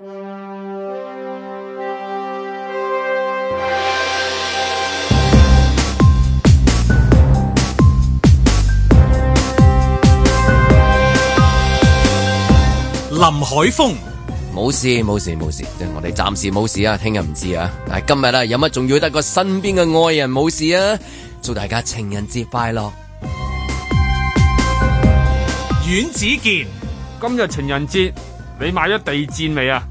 林海峰，冇事冇事冇事，我哋暫時冇事啊，聽日唔知啊。但係今日啊，有乜重要得過身邊嘅愛人冇事啊？祝大家情人節快樂。阮子健，今日情人節。你買咗地氈未啊？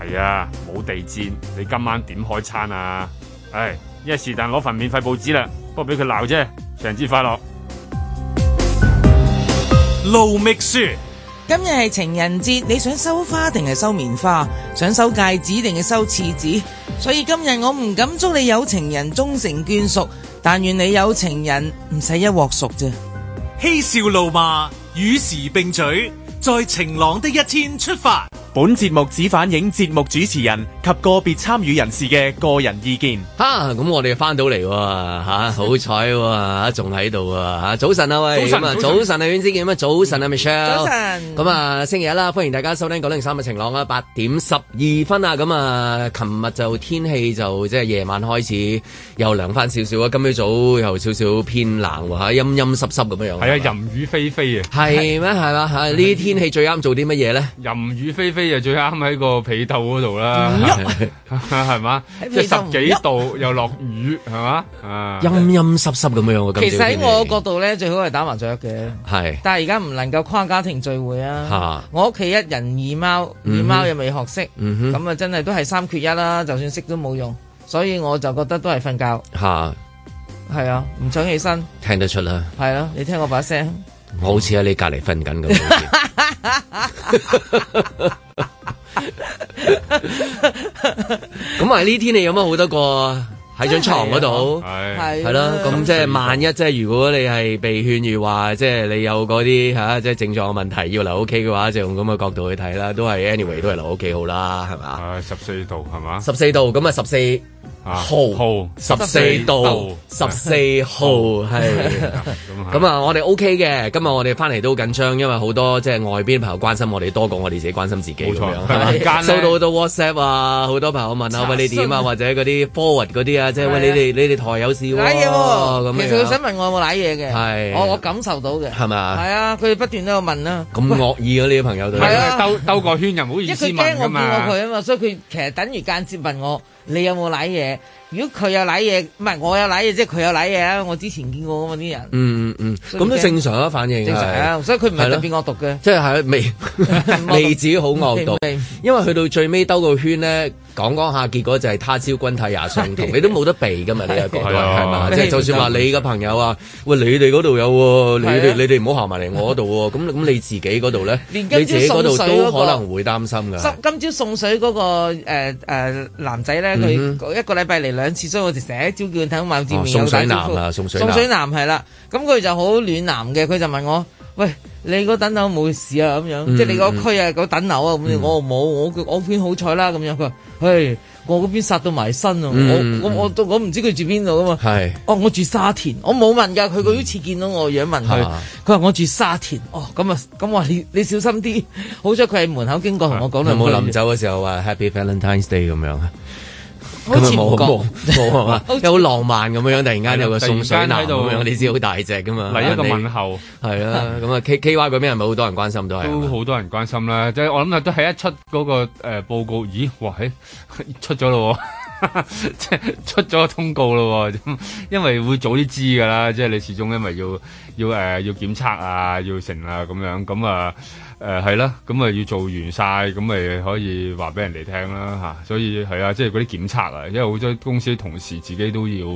係啊，冇地氈，你今晚點開餐啊？哎，一是但攞份免費報紙啦，不過俾佢鬧啫。情人節快樂。盧覓雪，今日係情人節，你想收花定係收棉花？想收戒指定係收廁紙？所以今日我唔敢祝你有情人終成眷屬，但願你有情人唔使一鑊熟啫。嬉笑怒罵，與時並嘴。在晴朗的一天出發。本節目只反映節目主持人及個別參與人士嘅個人意見。吓，咁我哋翻到嚟，吓，好彩，吓，仲喺度啊，吓，早晨啊，喂，早晨啊，早晨啊，袁子健，啊，早晨啊，Michelle，早晨，咁啊，星期一啦，歡迎大家收聽九零三嘅晴朗啊，八點十二分啊，咁啊，琴日就天氣就即係夜晚開始又涼翻少少啊，今朝早又少少偏冷吓，陰陰濕濕咁樣樣。係啊，淫雨霏霏啊。係咩？係啦，係呢天。天氣最啱做啲乜嘢咧？淫雨霏霏就最啱喺個被竇嗰度啦，係嘛？即係十幾度又落雨，係嘛？陰陰濕濕咁樣嘅感覺。其實喺我角度咧，最好係打麻雀嘅。係，但係而家唔能夠跨家庭聚會啊。吓，我屋企一人二貓，二貓又未學識，咁啊真係都係三缺一啦。就算識都冇用，所以我就覺得都係瞓覺。吓，係啊，唔想起身。聽得出啦，係啊，你聽我把聲，我好似喺你隔籬瞓緊咁。咁啊！呢 天氣你有乜好得過喺張床嗰度？係係咯。咁即係萬一，即係如果你係被勸喻話，即係你有嗰啲吓，即係症狀嘅問題，要留屋企嘅話，就用咁嘅角度去睇啦。都係 anyway，啊，都係留屋企好啦，係嘛？誒，啊，十四度係嘛？十四度咁啊，十四。號十四度，十四號係咁啊！我哋 O K 嘅，今日我哋翻嚟都好緊張，因為好多即係外邊朋友關心我哋多過我哋自己關心自己。冇錯，收到好多 WhatsApp 啊，好多朋友問啊，喂，你點啊？或者嗰啲 forward 嗰啲啊，即係喂你哋，你哋台有事喎？瀨嘢喎？咁其實佢想問我有冇瀨嘢嘅，係我我感受到嘅，係咪啊？係啊，佢不斷都有問啊。咁惡意啊，呢啲朋友都係啊，兜兜個圈又唔好意思，因為佢驚我見過佢啊嘛，所以佢其實等於間接問我。你有冇舐嘢？如果佢有舐嘢，唔係我有舐嘢，即係佢有舐嘢啊！我之前見過咁啊啲人。嗯嗯嗯，咁、嗯、都以正常啊，反應。正常，啊。所以佢唔係特別惡毒嘅。即係係未 未止好惡毒， 因為去到最尾兜個圈咧。講講下，結果就係他朝君體也相同，你都冇得避噶嘛？你個講話嘛？即係就算話你嘅朋友啊，喂，你哋嗰度有，你哋你哋唔好行埋嚟我嗰度喎。咁咁你自己嗰度咧？你自己嗰度都可能會擔心㗎。連今朝送水嗰個，今朝送水嗰個誒誒男仔咧，佢一個禮拜嚟兩次，所以我哋成日喺朝見晚見面，有送水男啊，送水男。送水男係啦，咁佢就好暖男嘅，佢就問我，喂。你嗰等樓冇事啊，咁樣，嗯、即係你嗰區啊，嗰、嗯、等樓啊，咁樣、嗯，我冇，我我邊好彩啦，咁樣佢話，唉，我嗰邊殺到埋身啊、嗯，我我我都我唔知佢住邊度噶嘛。是哦，我住沙田，我冇問噶，佢好似見到我樣問佢，佢話我住沙田，哦，咁啊，咁話你你小心啲，好彩佢喺門口經過同我講兩句，有冇臨走嘅時候話 Happy Valentine's Day 咁樣啊？好似冇冇係嘛，即係好浪漫咁樣樣，突然間有個送箱喺度，我你知好大隻噶嘛，第一個問候，係啊。咁啊 K K Y 嗰邊係咪好多人關心？都係，都好多人關心啦，即係我諗啊，都喺一出嗰、那個誒、呃、報告，咦，哇，出咗咯。即係 出咗通告咯，因為會早啲知噶啦，即係你始終因為要要誒、呃、要檢測啊，要成啊咁樣，咁啊誒係啦，咁、呃、啊要做完晒，咁咪可以話俾人哋聽啦吓，所以係啊，即係嗰啲檢測啊，因為好多公司同事自己都要。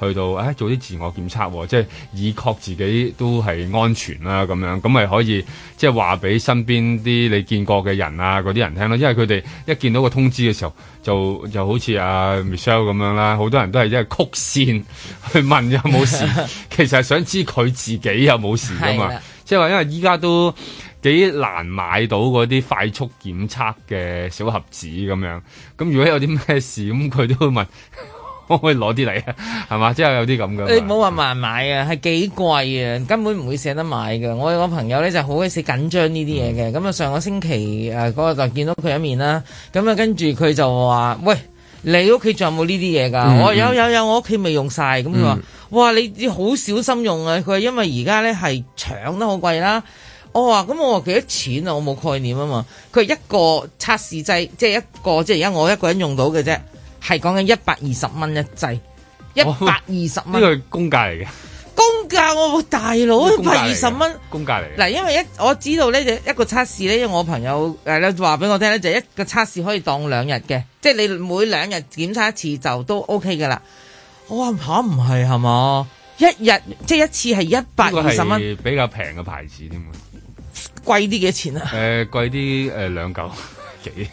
去到誒、哎、做啲自我檢測、哦，即係以確自己都係安全啦、啊、咁樣，咁咪可以即係話俾身邊啲你見過嘅人啊嗰啲人聽咯，因為佢哋一見到一個通知嘅時候，就就好似阿、啊、Michelle 咁樣啦，好多人都係因為曲線去問有冇事， 其實係想知佢自己有冇事㗎嘛，即係話因為依家都幾難買到嗰啲快速檢測嘅小盒子咁樣，咁如果有啲咩事咁佢都會問。可唔可以攞啲嚟啊？係嘛，之後有啲咁嘅。你唔好話買買啊，係幾貴啊，根本唔會捨得買㗎。我有個朋友咧就好鬼死緊張呢啲嘢嘅。咁啊、嗯、上個星期誒嗰日就見到佢一面啦。咁啊跟住佢就話：喂，你屋企仲有冇呢啲嘢㗎？嗯嗯、我有有有，我屋企未用晒。嗯，咁佢話：哇，你好小心用啊！佢話因為而家咧係搶得好貴啦。我話：咁我話幾多錢啊？我冇概念啊嘛。佢一個測試劑，即係一個，即係而家我一個人用到嘅啫。係講緊一百二十蚊一劑，一百二十蚊呢個係公價嚟嘅元？公價我大佬一百二十蚊公價嚟。嗱，因為一我知道咧，就一個測試咧，因為我朋友誒話俾我聽咧，就是、一個測試可以當兩日嘅，即、就、係、是、你每兩日檢測一次就都 OK 噶啦。我話吓，唔係係嘛？一日即係、就是、一次係一百二十蚊，比較平嘅牌子添啊？貴啲幾錢啊？誒、呃，貴啲誒，兩、呃、九幾？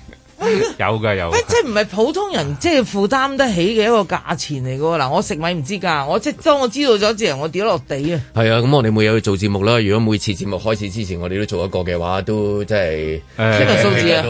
有噶有，即係唔係普通人即係負擔得起嘅一個價錢嚟噶嗱，我食米唔知價，我即係當我知道咗之後，我跌落地啊。係啊，咁我哋每日去做節目啦。如果每次節目開始之前，我哋都做一個嘅話，都即係呢個數字啊，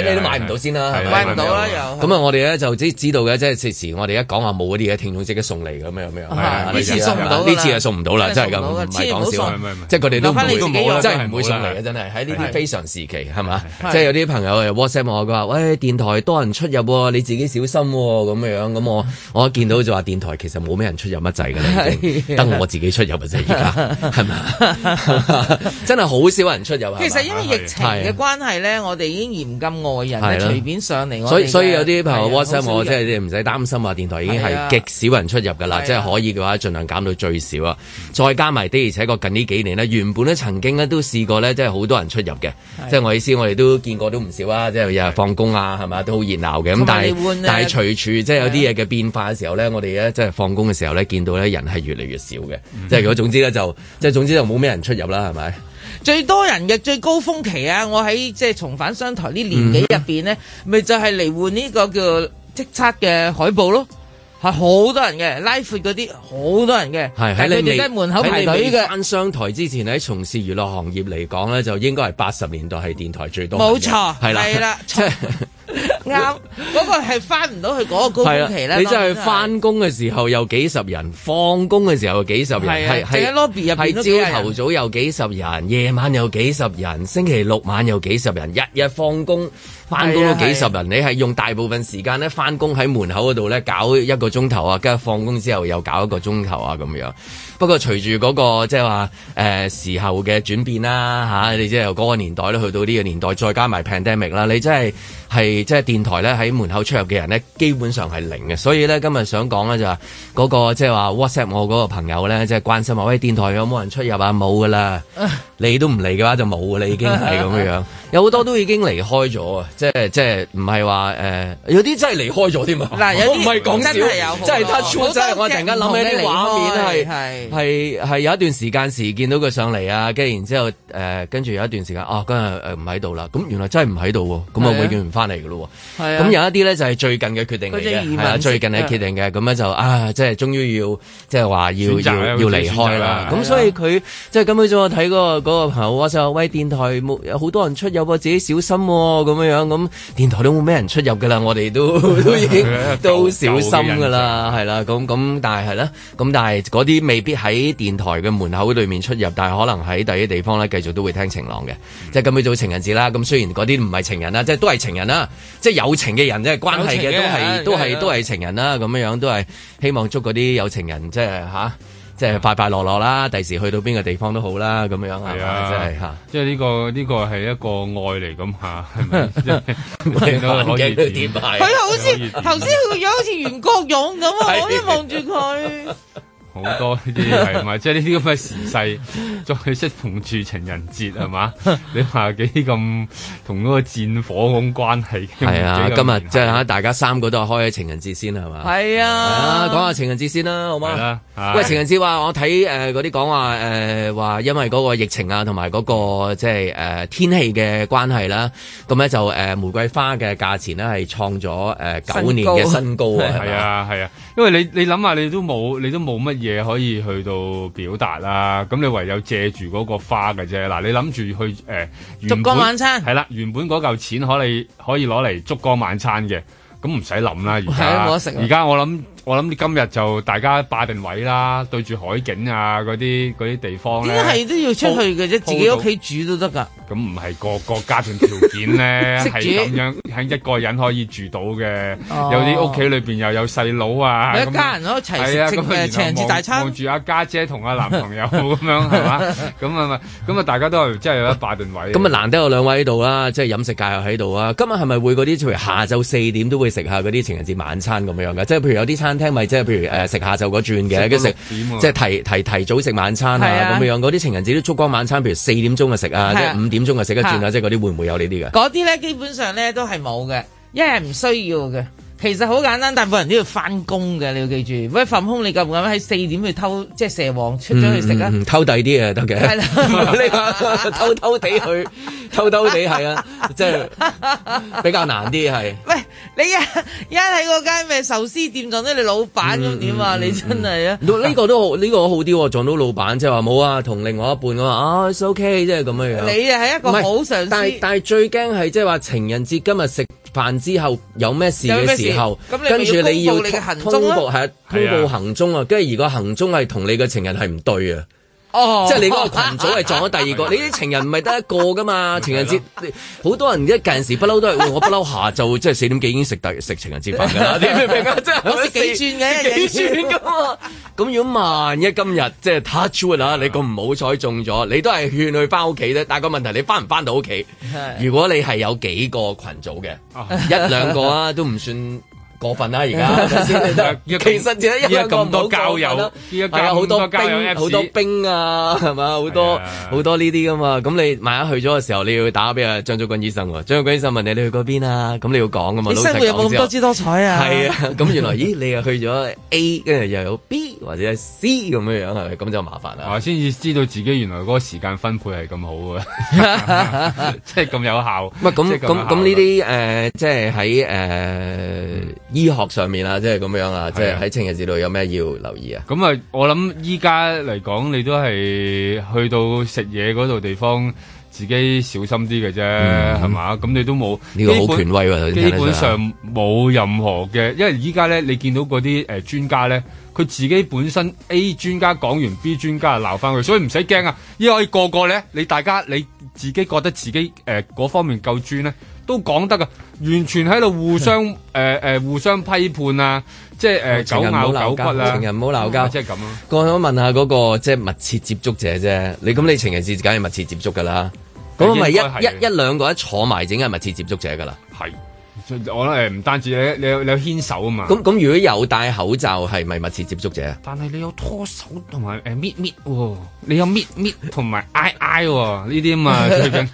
你都買唔到先啦，買唔到啦，又咁啊，我哋咧就知知道嘅，即係即時我哋一講話冇嗰啲嘅聽眾即刻送嚟嘅咁樣樣，送唔到呢次啊，送唔到啦，真係咁講即係佢哋都唔會，真係唔會送嚟嘅，真係喺呢啲非常時期，係嘛，即係有啲朋友又 WhatsApp 我嘅話。喂、哎，電台多人出入喎、哦，你自己小心喎、哦，咁樣咁我我一見到就話電台其實冇咩人出入乜滯㗎喇，得的我自己出入乜滯而家，係咪 是吧 真係好少人出入。其實因為疫情嘅關係呢，的我哋已經嚴禁外人隨便上嚟。所以所以有啲朋友 WhatsApp 我，即係你唔使擔心啊，電台已經係極少人出入㗎啦，的即係可以嘅話，盡量減到最少啊。再加埋啲，而且確近呢幾年呢，原本呢曾經呢都試過呢，即係好多人出入嘅，即係的我意思，我哋都見過都唔少啊，即係日日放工啊，係咪都好熱鬧嘅。咁但係但係隨處即係、就是、有啲嘢嘅變化嘅時候咧，Yeah. 我哋咧即係放工嘅時候咧，見到咧人係越嚟越少嘅。Mm hmm. 即係如果總之咧就即係總之就冇咩人出入啦，係咪？最多人嘅最高峰期啊！我喺即係重返商台年紀面呢年幾入邊咧，咪、mm hmm. 就係嚟換呢個叫即測嘅海報咯。係好多人嘅，拉闊嗰啲好多人嘅。係喺你哋喺門口排隊嘅，翻商台之前，喺從事娛樂行業嚟講咧，就應該係八十年代係電台最多。冇錯，係啦，係啦，啱。嗰個係翻唔到去嗰個高峰期咧。你真係翻工嘅時候有幾十人，放工嘅時候有幾十人，係係係。Lobby 入邊，朝頭早有幾十人，夜晚有幾十人，星期六晚有幾十人，日日放工。翻工都幾十人，是是你係用大部分時間咧翻工喺門口嗰度咧，搞一個鐘頭啊，跟住放工之後又搞一個鐘頭啊咁樣。不過隨住嗰個即係話誒時候嘅轉變啦吓，你即係由嗰個年代咧去到呢個年代，再加埋 pandemic 啦，你真係係即係電台咧喺門口出入嘅人咧，基本上係零嘅。所以咧今日想講咧就係嗰個即係話 WhatsApp 我嗰個朋友咧，即係關心話喂電台有冇人出入啊？冇噶啦，你都唔嚟嘅話就冇噶啦，已經係咁樣。 有好多都已經離開咗啊！即係即係唔係話誒？有啲真係離開咗添啊！嗱，唔係講有，真係有，即係真係。我突然間諗起啲畫面係係有一段時間時見到佢上嚟啊，跟住然之後誒跟住有一段時間啊，今日誒唔喺度啦。咁原來真係唔喺度喎，咁啊永遠唔翻嚟噶咯喎。係啊，咁有一啲咧就係最近嘅決定嚟嘅，最近嘅決定嘅。咁咧就啊，即係終於要即係話要要離開啦。咁所以佢即係咁樣啫我睇個個嗰朋友話曬，喂電台冇有好多人出入喎，自己小心喎。咁樣樣咁電台都冇咩人出入噶啦。我哋都都已經都小心噶啦，係啦。咁咁但係係啦，咁但係啲未必。喺電台嘅門口裏面出入，但係可能喺第啲地方咧繼續都會聽晴朗嘅，即係咁，朝做情人節啦。咁雖然嗰啲唔係情人啦，即係都係情人啦，即係有情嘅人即係關係嘅，都係都係都係情人啦。咁樣樣都係希望祝嗰啲有情人即係嚇，即係快快樂樂啦。第時去到邊個地方都好啦。咁樣係啊，真係嚇。即係呢個呢個係一個愛嚟咁嚇，係咪？佢好似頭先佢個樣好似袁國勇咁我都望住佢。好 多呢啲係咪？即係呢啲咁嘅時勢，再適逢住情人節，係嘛？ 你話幾咁同嗰個戰火咁關係？係啊，今日即係大家三個都係開咗情人節先係嘛？係啊，講下、啊、情人節先啦，好嗎？係啦、啊啊。情人節話我睇誒嗰啲講話誒話，呃、因為嗰個疫情啊，同埋嗰個即係誒天氣嘅關係啦、啊，咁咧就誒、呃、玫瑰花嘅價錢咧係創咗九、呃、年嘅新高，新高啊！係吧啊，係啊。因為你你諗下，你都冇你都冇乜嘢可以去到表達啦，咁你唯有借住嗰個花嘅啫。嗱，你諗住去誒，燭光晚餐係啦，原本嗰嚿錢可以可以攞嚟燭光晚餐嘅，咁唔使諗啦。而家而家我諗。我諗你今日就大家霸定位啦，對住海景啊嗰啲嗰啲地方咧，點解係都要出去嘅啫？自己屋企煮都得噶。咁唔係個個家庭條件咧，係咁樣，喺一個人可以住到嘅。有啲屋企裏邊又有細佬啊，一家人可一齊食情人節大餐，望住阿家姐同阿男朋友咁樣，係嘛？咁啊咁啊大家都係真係有得霸定位。咁啊難得有兩位喺度啦，即係飲食界又喺度啊！今日係咪會嗰啲，譬如下晝四點都會食下嗰啲情人節晚餐咁樣嘅？即係譬如有啲餐。聽咪即係，譬如誒食、呃、下晝嗰轉嘅，跟食、啊、即係提提提早食晚餐啊咁、啊、樣。嗰啲情人節啲燭光晚餐，譬如四點鐘就食啊，即係五點鐘就食一轉啊，即係嗰啲會唔會有的呢啲㗎？嗰啲咧基本上咧都係冇嘅，因為唔需要嘅。其實好簡單，大部分人都要翻工嘅，你要記住。喂，粉空，你敢唔敢喺四點去偷，即係蛇王出咗去食啊、嗯嗯？偷底啲啊，得嘅、啊。係啦，偷偷地去，偷偷地係啊，啊即係比較難啲係。喂，你一一喺嗰間咩壽司店撞到你老闆咁點啊？你真係啊！呢、嗯嗯嗯嗯這個都好，呢、這個好啲撞到老闆，即係話冇啊，同另外一半咁啊，OK，即係咁樣樣。你啊係一個好常，但係但係最驚係即係話情人節今日食。飯之後有咩事嘅時候，你跟住你要通你要你行蹤係通報行蹤是啊，跟住如果行蹤係同你嘅情人係唔對啊。哦，即係你嗰個群組係撞咗第二個，你啲情人唔係得一個噶嘛？情人節好多人一屆時不嬲都係，我不嬲下晝即係四點幾已經食第食情人節飯噶啦，你明唔明啊？即係嗰啲幾轉嘅，幾轉噶嘛？咁如果萬一今日即係 touch wood 啊，你咁唔好彩中咗，你都係勸佢翻屋企咧。但係個問題，你翻唔翻到屋企？如果你係有幾個群組嘅，一兩個啊都唔算。過分啦！而家其實只係一多交友，係啊，好多交友好多兵啊，係嘛，好多好多呢啲噶嘛。咁你萬一去咗嘅時候，你要打俾阿張竹君醫生喎。張竹君醫生問你你去嗰邊啊，咁你要講噶嘛。人生又冇咁多姿多彩啊。係啊，咁原來咦你又去咗 A，跟住又有 B 或者係 C 咁樣樣係咪？咁就麻煩啦。先至知道自己原來嗰個時間分配係咁好嘅，即係咁有效。咁咁咁呢啲誒，即係喺誒。醫學上面啊，即係咁樣啊，是的即係喺情人節度有咩要留意啊？咁啊，我諗依家嚟講，你都係去到食嘢嗰度地方，自己小心啲嘅啫，係嘛，嗯？咁你都冇呢個好權威喎，啊，基本上冇任何嘅，因為依家咧，你見到嗰啲誒專家咧，佢自己本身 A 專家講完 B 專家又鬧翻佢，所以唔使驚啊！因為個個咧，你大家你自己覺得自己誒嗰、呃、方面夠專咧。都講得噶，完全喺度互相誒是、呃、互相批判人啊！即係誒，狗咬狗骨啊，情人唔好鬧交，即係咁咯。我想問下嗰個即係密切接觸者啫，你咁你情人節梗係密切接觸噶啦，咁咪是一一一,一,一兩個一坐埋，整係密切接觸者噶啦，係。我咧，誒，唔單止你有，你有牽手啊嘛。咁咁，如果有戴口罩，係咪密切接觸者啊？但係你有拖手同埋誒搣搣喎，你有搣搣同埋挨挨喎，呢啲嘛，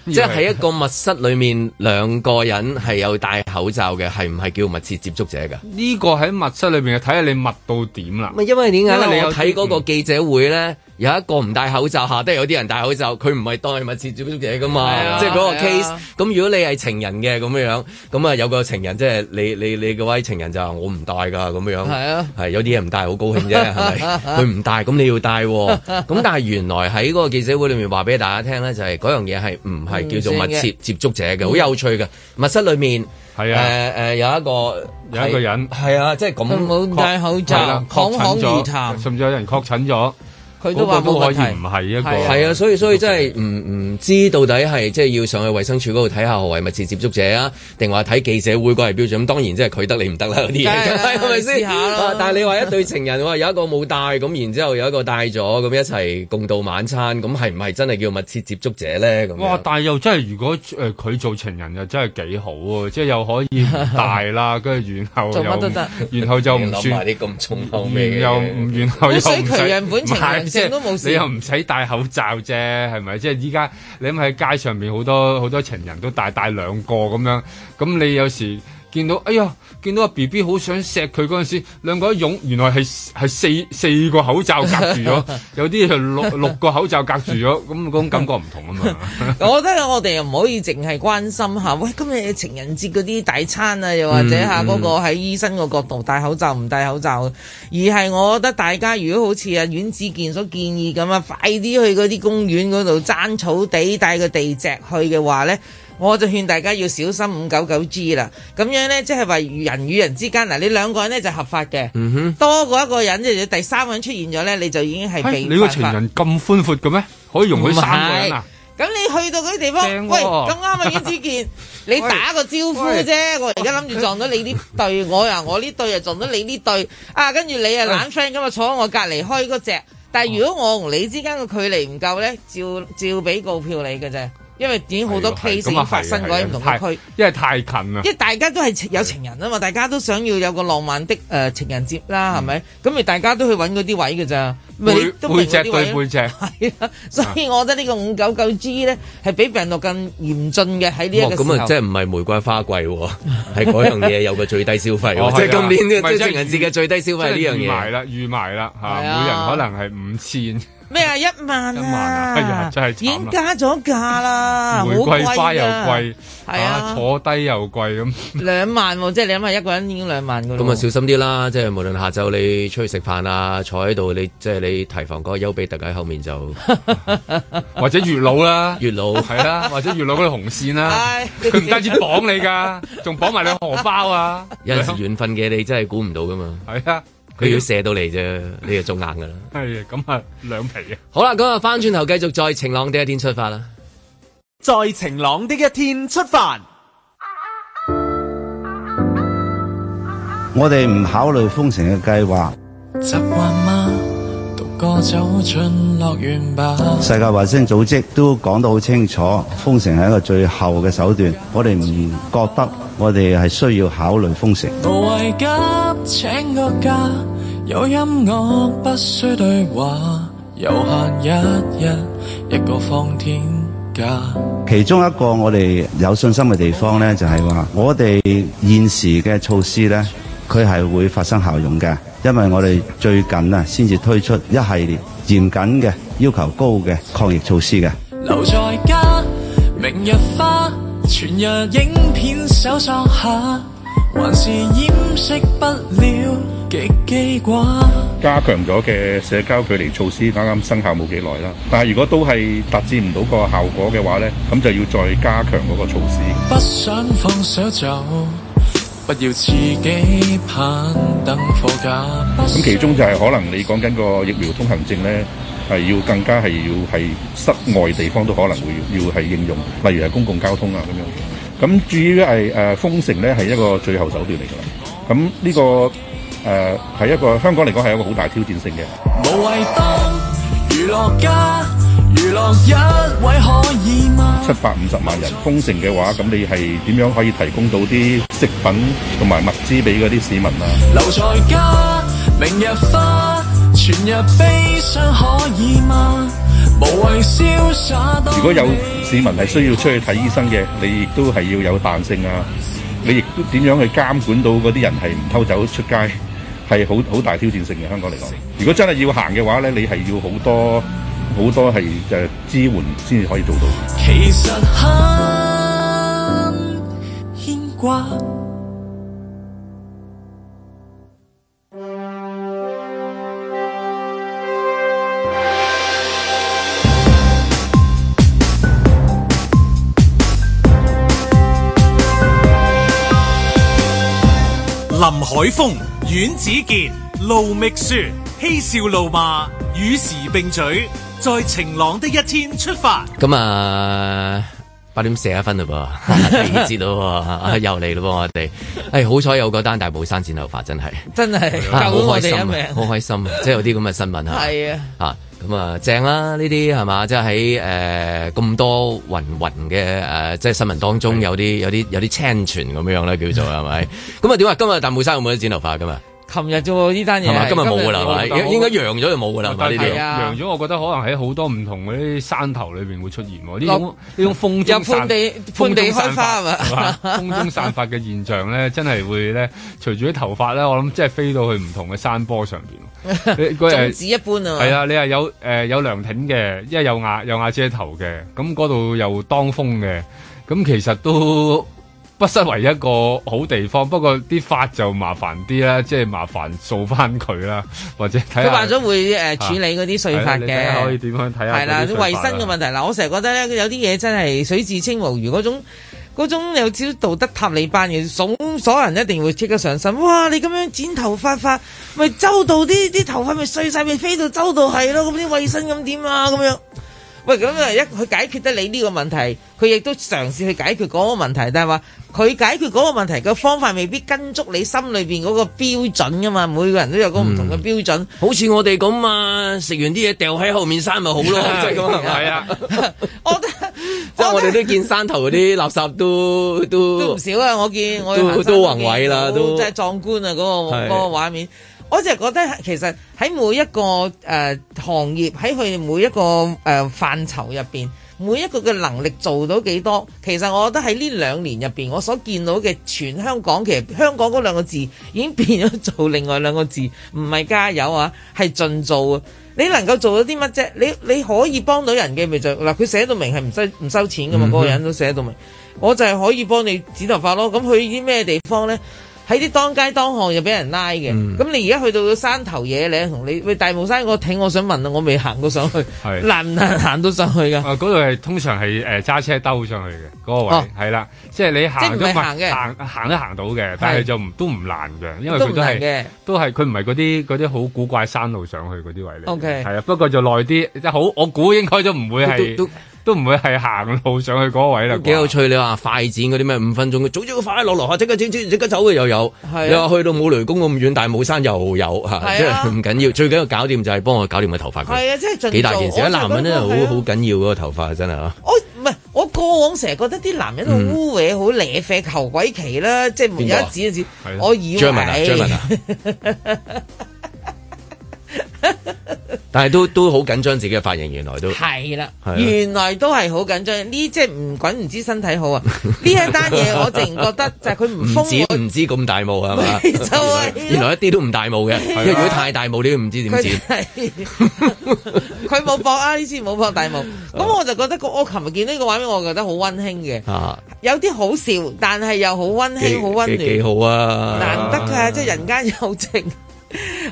即係喺一個密室裏面，兩個人係有戴口罩嘅，係唔係叫密切接觸者㗎？呢個喺密室裏面嘅，睇下你密到點啦。咪因為點解？因為你有、嗯、我睇嗰個記者會咧。有一個唔戴口罩，下都係有啲人戴口罩。佢唔係戴密切接觸者㗎嘛，即係嗰個 case。咁如果你係情人嘅咁樣咁，啊有個情人，即係你你你嗰位情人就話我唔戴㗎咁樣啊，係有啲嘢唔戴好高興啫，係咪？佢唔戴，咁你要戴。咁但係原來喺嗰個記者會裏面話俾大家聽咧，就係嗰樣嘢係唔係叫做密切接觸者嘅，好有趣嘅。密室裏面，係啊，有一個有一個人，係啊，即係咁冇戴口罩，確診咗，甚至有人確診咗。佢都話都可以唔係一個，係啊，所以所以，所以真係唔唔知道到底係，即係要上去衛生署嗰度睇下何為密切接觸者啊，定話睇記者會個嚟標準？咁當然即係佢得你唔得啦嗰啲嘢，係咪先？ 係係，但你話一對情人，有一個冇戴咁，然之後有一個戴咗咁，一齊共度晚餐，咁係唔係真係叫密切接觸者咧？咁哇，但係又真係如果佢、呃、做情人又真係幾好喎，即係又可以大啦，跟住 然後做乜都得、嗯，然後就唔諗埋啲咁重口味本情人。即係，你又唔使戴口罩啫，係咪？即係依家你諗喺街上面好多好多情人都戴戴兩個咁樣，咁你有時。見到哎呀，見到阿 B B 好想錫佢嗰陣時，兩個一擁，原來係四四個口罩隔住咗， 有啲係六六個口罩隔住咗，咁咁感覺唔同啊嘛。 我覺得我哋又唔可以淨係關心下喂，今日情人節嗰啲大餐啊，又或者下嗰個喺醫生個角度戴口罩唔戴口罩，嗯嗯、而係我覺得大家如果好似阿阮子健所建議咁啊，快啲去嗰啲公園嗰度爭草地帶個地蓆去嘅話咧。我就勸大家要小心五九九 G 啦，咁樣咧即係話人與人之間嗱，你兩個人咧就是、合法嘅，嗯、哼多過一個人即係第三個人出現咗咧，你就已經係被、哎、你個情人咁寬闊嘅咩？可以容許三個人啊？咁是、哎、你去到嗰啲地方，哦、喂咁啱啊！袁子健， 你打個招呼啫，我而家諗住撞到你呢對， 我又我呢對又撞到你呢對啊，跟住你又懶 friend 咁啊，哎、坐喺我隔離開嗰、那、隻、個，但係如果我同你之間嘅距離唔夠咧，照照俾告票你嘅啫。因為已經好多 case 發生喺唔同區，因為太近啦。因為大家都係有情人啊嘛，大家都想要有個浪漫的誒情人節啦，係咪？咁咪大家都去搵嗰啲位嘅咋？背背脊對背脊，係啦。所以我覺得呢個五九九 G 咧係比病毒更嚴峻嘅喺呢一個時候。哦，咁啊，即係唔係玫瑰花貴喎？係嗰樣嘢有個最低消費，即係今年呢個情人節嘅最低消費呢樣嘢。預埋啦，預埋啦嚇，每人可能係五千。咩啊？一萬啊？一萬啊！哎呀，真係已經加咗價啦，玫瑰花又貴，係啊，坐低又貴咁。兩萬，即係你諗下，一個人已經兩萬。咁啊，小心啲啦！即係無論下晝你出去食飯啊，坐喺度，你即係你提防嗰個丘比特喺後面就，或者月老啦，月老係啦，或者月老嗰條紅線啦，佢唔單止綁你噶，仲綁埋你荷包啊！有時緣分嘅你真係估唔到噶嘛。係啊。佢要射到嚟啫，你就中硬噶啦。係啊， 咁啊，兩皮啊。好啦，咁啊，翻轉頭繼續在晴朗的一天出發啦。在晴朗的一天出發。我哋唔考慮封城嘅計劃。吧世界衛生組織都講得好清楚，封城係一個最後嘅手段。我哋唔覺得，我哋係需要考慮封城。無謂急請個假，有音樂不需對話，遊客一日一個放天假。其中一個我哋有信心嘅地方咧，就係話我哋現時嘅措施咧，佢係會發生效用嘅，因為我哋最近啊，先至推出一系列嚴謹嘅、要求高嘅抗疫措施嘅。留在家，明日花，全日影片搜索下，還是掩飾不了極記掛。加強咗嘅社交距離措施啱啱生效冇幾耐啦，但係如果都係達至唔到個效果嘅話咧，咁就要再加強嗰個措施。不想放手就。咁其中就係可能你講緊個疫苗通行證咧，係要更加係要喺室外地方都可能會要係應用，例如係公共交通啊，咁樣。咁至於係誒封城咧，係一個最後手段嚟噶啦。咁呢個誒係一個香港嚟講係一個好大挑戰性嘅。七百五十萬人封城嘅話，咁你係點樣可以提供到啲食品同埋物資俾嗰啲市民啊？留在家，明日花，全日悲傷可以嗎？無謂瀟灑。如果有市民係需要出去睇醫生嘅，你亦都係要有彈性啊！你亦都點樣去監管到嗰啲人係唔偷走出街？係好好大挑戰性嘅，香港嚟講。如果真係要行嘅話咧，你係要好多。好多係誒支援先至可以做到。其實很牽掛林海峰、阮子健、盧覓雪，嬉笑怒罵，與時並嘴。在晴朗的一天出發。咁啊，八點四一分哈哈嘞噃，你知道喎，又嚟嘞噃。我哋。哎，好彩有嗰單，大帽山剪頭髮，真係，真係是，好開心好開心啊，即係有啲咁嘅新聞啊。係 啊，咁啊，啊，正啦，啊，呢啲係嘛，即係喺誒咁多雲雲嘅誒，即係新聞當中有啲有啲有啲清泉咁樣咧，叫做係咪？咁啊， 點啊？今日大帽山有冇得剪頭髮咁啊琴日啫喎呢單嘢，今日冇噶啦，應該揚咗就冇噶啦，係咪？揚咗，我覺得可能喺好多唔同嗰啲山頭裏面會出現，呢種呢種風中散有地，風地開花啊嘛，風中散發嘅現象咧，真係會咧，隨住啲頭髮咧，我諗真係飛到去唔同嘅山坡上邊。種子 一般啊，係啊，你話有誒、呃、有涼亭嘅，一係有瓦有瓦遮頭嘅，咁嗰度又當風嘅，咁其實都，不失為一個好地方，不過啲髮就麻煩啲啦，即係麻煩掃翻佢啦，或者睇下。佢話咗會誒、呃、處理嗰啲碎髮嘅。你可以點樣睇下？係啦，啲衛生嘅問題啦，我成日覺得咧，有啲嘢真係水至清無魚嗰種，嗰種有少道德塔利班嘅，所所有人一定會即刻上身。哇！你咁樣剪頭髮髮，咪周到啲啲頭髮咪碎晒，咪飛到周到係咯，咁啲衛生咁點啊咁樣？喂，咁啊一佢解決得你呢個問題，佢亦都嘗試去解決嗰個問題，但係話佢解決嗰個問題嘅方法未必跟足你心裏面嗰個標準噶嘛，每個人都有個唔同嘅標準。嗯，好似我哋咁啊，食完啲嘢掉喺後面山咪好咯，即係咁啊，係啊。我即係 我哋 都見山頭嗰啲垃圾都都都唔少啊！我見我行都，都，都宏偉啦，都即係壯觀啊！嗰個，嗰個畫面。我就係覺得其實喺每一個誒、呃、行業，喺佢哋每一個誒、呃、範疇入面，每一個嘅能力做到幾多？其實我覺得喺呢兩年入面，我所見到嘅全香港，其實香港嗰兩個字已經變咗做另外兩個字，唔係加油啊，係盡做啊！你能夠做到啲乜啫？你你可以幫到人嘅咪就嗱，佢寫到明係唔收唔收錢㗎嘛，嗰、那個人都寫到明。嗯、哼我就係可以幫你剪頭髮咯。咁去啲咩地方呢？喺啲當街當巷又俾人拉嘅，咁、嗯、你而家去到山頭野嶺同你，喂大帽山個頂，我想問我未行過上去，是難唔難行到上去㗎？嗰度係通常係誒揸車兜上去嘅嗰、嗰個位，係啦、哦，即係你行，行，行嘅，行行都行到嘅，但係就唔的都唔難嘅，因為佢都係都係，佢唔係嗰啲嗰啲好古怪山路上去嗰啲位嚟，係啊 Okay.，不過就耐啲，即係好，我估應該都唔會係。都唔會係行路上去嗰位啦，幾有趣！你話快剪嗰啲咩五分鐘，早早快落落下，即刻即刻走嘅又有。又去到冇雷公咁遠，大帽山又有嚇，即係唔緊要。最緊要搞掂就係幫我搞掂個頭髮。係啊，即係盡幾大件事。男人真係好好緊要嗰個頭髮，真係啊！我唔係我過往成日覺得啲男人好污穢，好瀨啡、求鬼奇啦，即係冇一剪一剪，我以為。但係都都好緊張自己嘅髮型，原來都係啦，原來都係好緊張。呢即係唔滾唔知身體好啊！呢一單嘢，我淨覺得就係佢唔剪唔知咁大霧係嘛？就係原來一啲都唔大霧嘅，如果太大霧你都唔知點剪。佢冇博啊，呢次冇博大霧。咁我就覺得我琴日見呢個畫面，我覺得好溫馨嘅。有啲好笑，但係又好溫馨，好溫暖，幾好啊！難得啊，即係人間有情。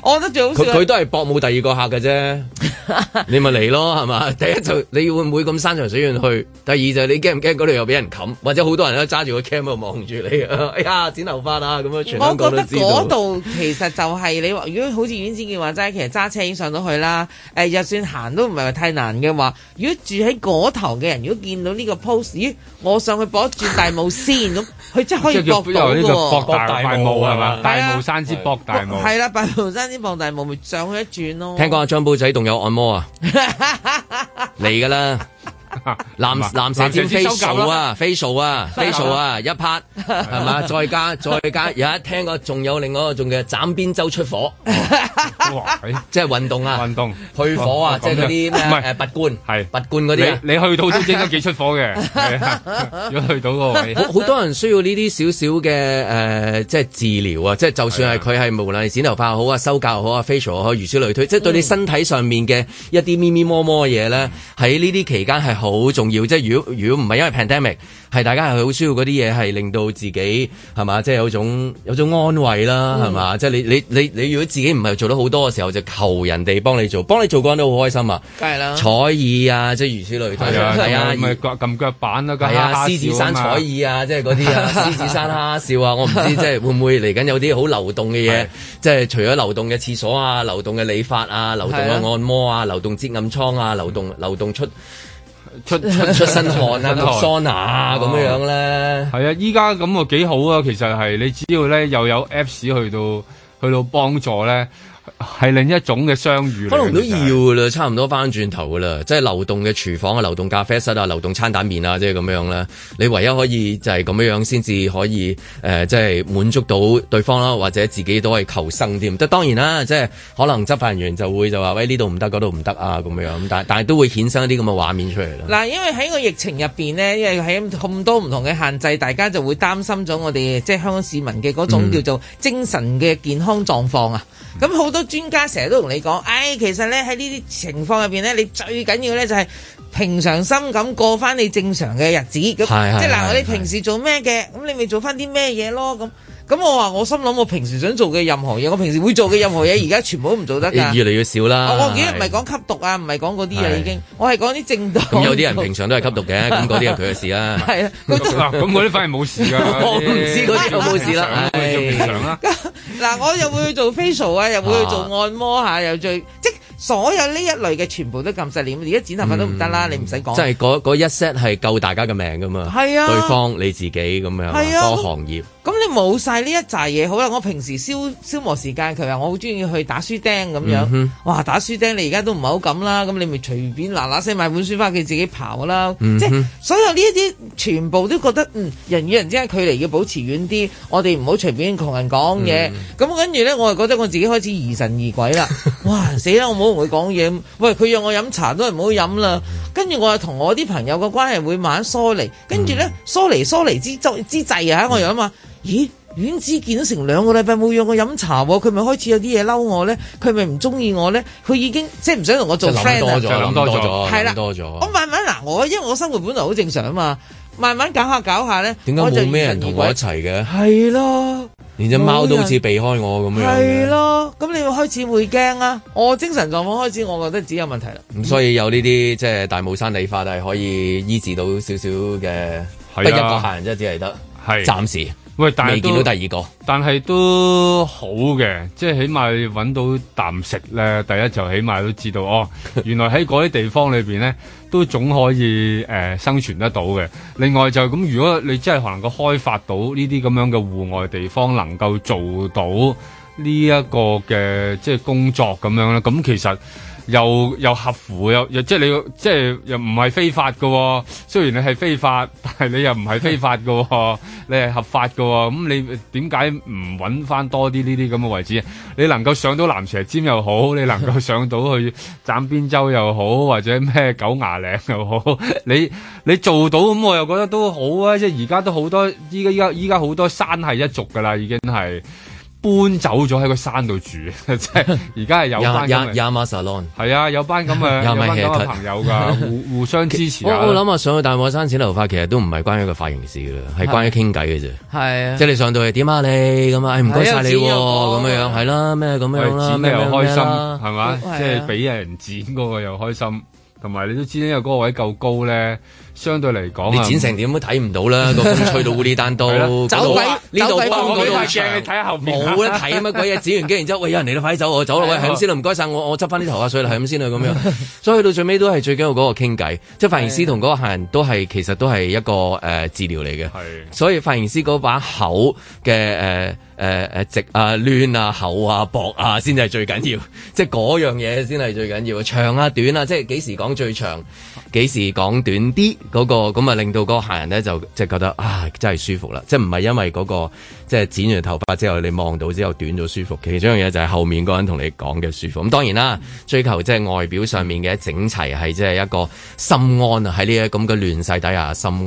我覺得最好佢佢都係博冇第二個客嘅啫， 你咪嚟咯，係嘛？第一就你會唔會咁山長水遠去？第二就你驚唔驚嗰度又俾人冚，或者好多人都揸住個 cam 喺度望住你啊？哎呀，剪頭髮啊咁樣全部人都知道。我覺得嗰度其實就係、是、 你話，如果好似尹子健話齋，其實揸車已經上到去啦。誒、呃，就算行都唔係話太難嘅話，如果住喺嗰頭嘅人，如果見到呢個 post，咦、哎，我上去博轉大霧先咁，佢 真係可以博到博大霧係嘛？大霧山先博大霧係啦，大霧、啊啊、山。 先放大咪上去一轉咯，聽講阿張寶仔仲有按摩啊，嚟噶啦。藍藍蛇戰 facial 啊，facial 啊，facial 啊，一拍係嘛？再加再加，有一聽過仲有另外一個仲叫斬邊周出火，即係運動啊，運動去火啊，即係嗰啲唔係拔罐係拔罐嗰啲，你去到都應該幾出火嘅，如果去到個位，好多人需要呢啲少少嘅誒，即係治療啊，即係就算係佢係無論剪頭髮好啊，修甲好啊，facial 好，如此類推，即係對你身體上面嘅一啲咪咪摸摸嘅嘢咧，喺呢啲期間係。好重要，即係如果如果唔係因為 pandemic，係大家係好需要嗰啲嘢，係令到自己係嘛，即係有種有種安慰啦，係嘛，即係你你你你如果自己唔係做得好多嘅時候，就求人哋幫你做，幫你做個人都好開心啊，梗係啦，彩耳啊，即係如此類推係啊，唔係腳撳腳板啊，係啊，獅子山彩耳啊，即係嗰啲啊，獅子山哈笑啊，我唔知即係會唔會嚟緊有啲好流動嘅嘢，即係除咗流動嘅廁所啊，流動嘅理髮啊，流動嘅按摩啊，流動接暗瘡啊，流動流動出。出出出身汗啊，到、啊、桑拿啊，咁樣樣咧。係啊，依家咁啊幾好啊，啊，其實係你只要咧又有 Apps 去到去到幫助咧。係另一種嘅相遇，可能都要啦，差唔多翻轉頭噶啦，即係流動嘅廚房啊，流動咖啡室啊，流動餐蛋麵啊，即係咁樣啦。你唯一可以就係咁樣樣先至可以誒、呃，即係滿足到對方啦，或者自己都係求生添。即當然啦，即係可能執法人員就會就話喂，呢度唔得，嗰度唔得啊咁樣，但但係都會衍生一啲咁嘅畫面出嚟啦。嗱，因為喺個疫情入邊呢，因為喺咁多唔同嘅限制，大家就會擔心咗我哋即係香港市民嘅嗰種叫做精神嘅健康狀況啊。咁好、嗯好多專家成日都同你講，唉、哎，其實咧喺呢啲情況入邊咧，你最緊要咧就係平常心咁過翻你正常嘅日子。咁即係嗱，我哋是 平時做咩嘅，咁是你咪做翻啲咩嘢咯咁。咁我話我心諗，我平時想做嘅任何嘢，我平時會做嘅任何嘢，而家全部都唔做得噶。越嚟越少啦。我其實唔係講吸毒啊，唔係講嗰啲啊，已經我係講啲正當。咁有啲人平常都係吸毒嘅，咁嗰啲係佢嘅事啦。係啊，吸毒啊，咁嗰啲反而冇事噶。我唔知嗰啲有冇事啦。咁嗱，我又會去做 facial 啊，又會去做按摩吓，又最即係所有呢一類嘅全部都撳實臉。而家剪頭髮都唔得啦，你唔使講。即係嗰嗰一 set 係救大家嘅命噶嘛。係啊。對方你自己咁樣，係啊，個行業。咁你冇晒呢一紮嘢，好啦，我平時消消磨時間，其實我好中意去打書釘咁樣，嗯、哼哇打書釘你而家都唔係好敢啦，咁你咪隨便嗱嗱聲買本書翻佢自己刨啦，嗯、哼即係所有呢啲全部都覺得，嗯人與人之間距離要保持遠啲，我哋唔好隨便同人講嘢，咁跟住咧我就覺得我自己開始疑神疑鬼啦， 哇死啦我唔好同佢講嘢，喂佢讓我飲茶都唔好飲啦，跟住我又同我啲朋友個關係會慢慢疏離，跟住咧疏離疏離之之際啊，我話嘛。嗯嗯。咦，丸子見咗成兩個禮拜冇約我飲茶，佢咪開始有啲嘢嬲我咧？佢咪唔中意我咧？佢已經即係唔想同我做 friend 多咗諗多咗，係了啦。我慢慢嗱，我因為我生活本來好正常啊嘛，慢慢搞下搞下咧，點解冇咩人同我一齊嘅？係咯的，人連隻貓都好似避開我咁樣。係咯，咁你會開始會驚啦。我精神狀況開始，我覺得自己有問題啦。咁所以有呢啲即係大霧山理化，但係可以醫治到少少嘅，啊、不過個客人啫，只係得，係是暫時。喂，但係見到第二個，但係都好嘅，即係起碼揾到啖食咧。第一就起碼都知道 哦，原來喺嗰啲地方裏邊咧，都總可以誒、呃、生存得到嘅。另外就咁、是，如果你真係能夠開發到呢啲咁樣嘅戶外地方，能夠做到呢一個嘅即係工作咁樣喇，咁、嗯、其實。又又合乎，又即你即又即係你即係又唔係非法喎、哦。雖然你係非法，但係你又唔係非法喎、哦。 你係合法喎、哦。咁你點解唔揾翻多啲呢啲咁嘅位置？你能夠上到蚺蛇尖又好，你能夠上到去斬邊洲又好，或者咩狗牙嶺，又好，你你做到咁，我又覺得都好啊！即係而家都好多依家依家依家好多山系一族噶啦，已經係。搬走咗喺個山度住，即係而家係有班。係啊，有班咁嘅有班咁嘅朋友噶，互互相支持啊。我諗啊，上去大帽山剪頭髮，其實都唔係關於個髮型師嘅，係關於傾偈嘅啫。係啊，即係你上到嚟點啊你咁啊，唔該晒你喎，咁樣樣係啦，咩咁樣啦，咩剪你又開心係咪？即係俾人剪嗰個又開心，同埋你都知，因為嗰個位夠高咧。相對嚟講，你剪成點都睇唔到啦，個風吹到烏哩單刀走底呢度，幫佢，睇下後面。冇咧睇乜鬼嘢，剪完機然之後，喂有人嚟啦，快啲走我走咯，喂係咁先啦，唔該晒，我我執翻啲頭髮水啦，係咁先啦，咁樣。所以去到最尾都係最緊要嗰個傾偈，即係髮型師同嗰個客人都係其實都係一個誒治療嚟嘅。所以髮型師嗰把口嘅誒誒誒直啊、攣啊、厚啊、薄啊，先至係最緊要，即係嗰樣嘢先係最緊要。長啊、短啊，即係幾時講最長？幾時講短啲嗰、那個咁啊，就令到個客人呢，就即係覺得啊，真係舒服啦！即係唔係因為嗰、那個即係剪完頭髮之後你望到之後短咗舒服？其中一樣嘢就係後面嗰個人同你講嘅舒服。咁當然啦，追求即係外表上面嘅整齊係即係一個心安啊！喺呢一個咁嘅亂世底下心安。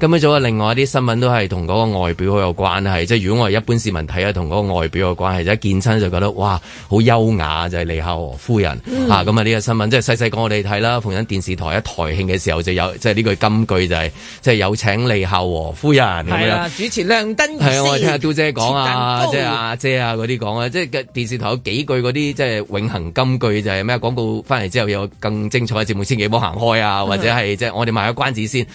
咁呢咗另外一啲新聞都係同嗰個外表好有關係。即係如果我哋一般市民睇下同嗰個外表有關係啫。一見親就覺得哇，好優雅就係李孝和夫人、嗯、啊！咁啊呢個新聞即係細細講我哋睇啦，逢緊電視台一台。慶嘅時候就有即係呢句金句就係即係有請利孝和夫人係啊，樣主持亮燈儀式啊，我哋聽阿嘟姐講啊，等啊，啊，啊，啊，即係阿姐啊嗰啲講啊，即係電視台有幾句嗰啲即係永恒金句就係咩？廣告翻嚟之後有更精彩嘅節目，千祈唔好行開啊！嗯、或者係即係我哋賣咗關子先。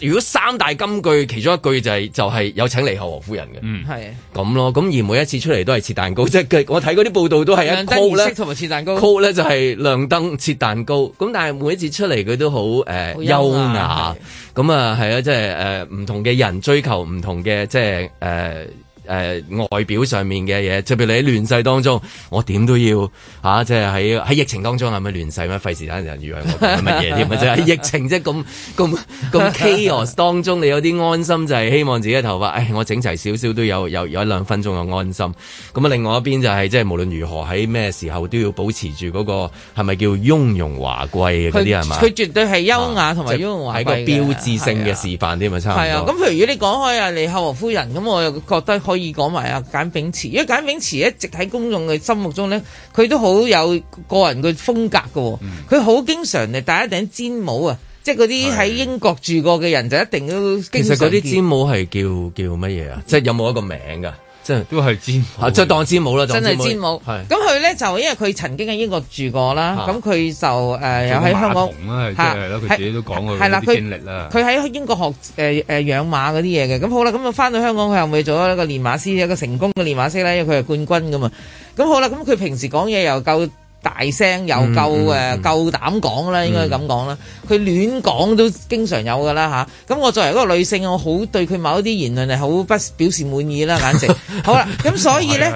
如果三大金句其中一句就係、是、就係、是、有請李后和夫人嘅，係咁、嗯、咯，咁而每一次出嚟都係切蛋糕，即係 我睇嗰啲報道都係一 call 咧，同埋切蛋糕，call 咧就係亮燈切蛋糕，咁 但係每一次出嚟佢都好誒、呃、優雅，咁啊係啊，即係誒唔同嘅人追求唔同嘅即係誒。就是呃誒、呃、外表上面嘅嘢，譬如你喺亂世當中，我點都要嚇、啊，即係喺喺疫情當中係咪亂世咩？費事間人以為我係乜嘢添？咪就係疫情即係咁咁咁 chaos 當中， 你有啲安心就係希望自己嘅頭髮，誒、哎、我整齊少少都有有有一兩分鐘嘅安心。咁啊，另外一邊就係、是、即係無論如何喺咩時候都要保持住嗰、那個係咪叫雍容華貴嘅嗰啲係嘛？佢他吧絕對係優雅同埋、啊、雍容華貴嘅。喺個標誌性嘅示範添啊，差唔多。係啊，咁譬如如果你講開啊，利孝和夫人咁，我又覺得。可以講埋啊，簡炳慈，因為簡炳慈一直喺公眾嘅心目中咧，佢都好有個人嘅風格嘅。佢好，嗯、經常嚟戴一頂尖帽啊，即係嗰啲喺英國住過嘅人的就一定都。其實嗰啲尖帽係叫叫乜嘢啊？嗯、即係有冇一個名噶真係都係詹，啊，即係當詹姆啦，母真係詹姆。係咁佢咧就，因為佢曾經喺英國住過啦，咁佢、啊、就誒又喺香港嚇係咯，佢、呃啊啊、自己都講過佢啲經歷啦，啊。佢喺英國學誒誒養馬嗰啲嘢嘅，咁好啦，咁啊翻到香港佢又咪做咗一個練馬師，一個成功嘅練馬師咧，因為佢係冠軍噶嘛。咁好啦，咁佢平時講嘢又夠。大聲又夠誒夠、嗯嗯、膽講啦，應該咁講啦。佢、嗯、亂講都經常有噶啦吓，咁、啊、我作為一個女性，我好對佢某一啲言論係好不表示滿意啦。簡 直好啦。咁所以咧，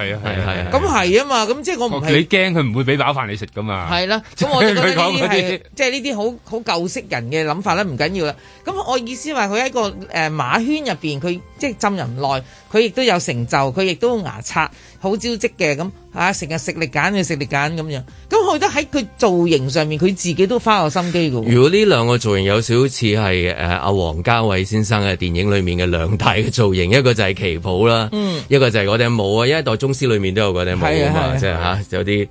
咁係啊嘛。咁即係我唔係你驚佢唔會俾飽飯你食噶嘛？係啦。咁我就覺得呢啲係即係呢啲好好舊式人嘅諗法咧，唔緊要啦。咁我意思話佢喺個誒馬圈入邊，佢即係浸人耐，佢亦都有成就，佢亦都有牙擦。好招積嘅，咁成日食力揀佢食力揀咁樣，咁我覺得喺佢造型上面，佢自己都花咗心機嘅。如果呢兩個造型有少少似係誒阿王家衛先生嘅電影裏面嘅兩大嘅造型，一個就係旗袍啦，嗯、一個就係嗰頂帽啊，因為代宗師裏面都有嗰頂帽啊，即係吓，有啲。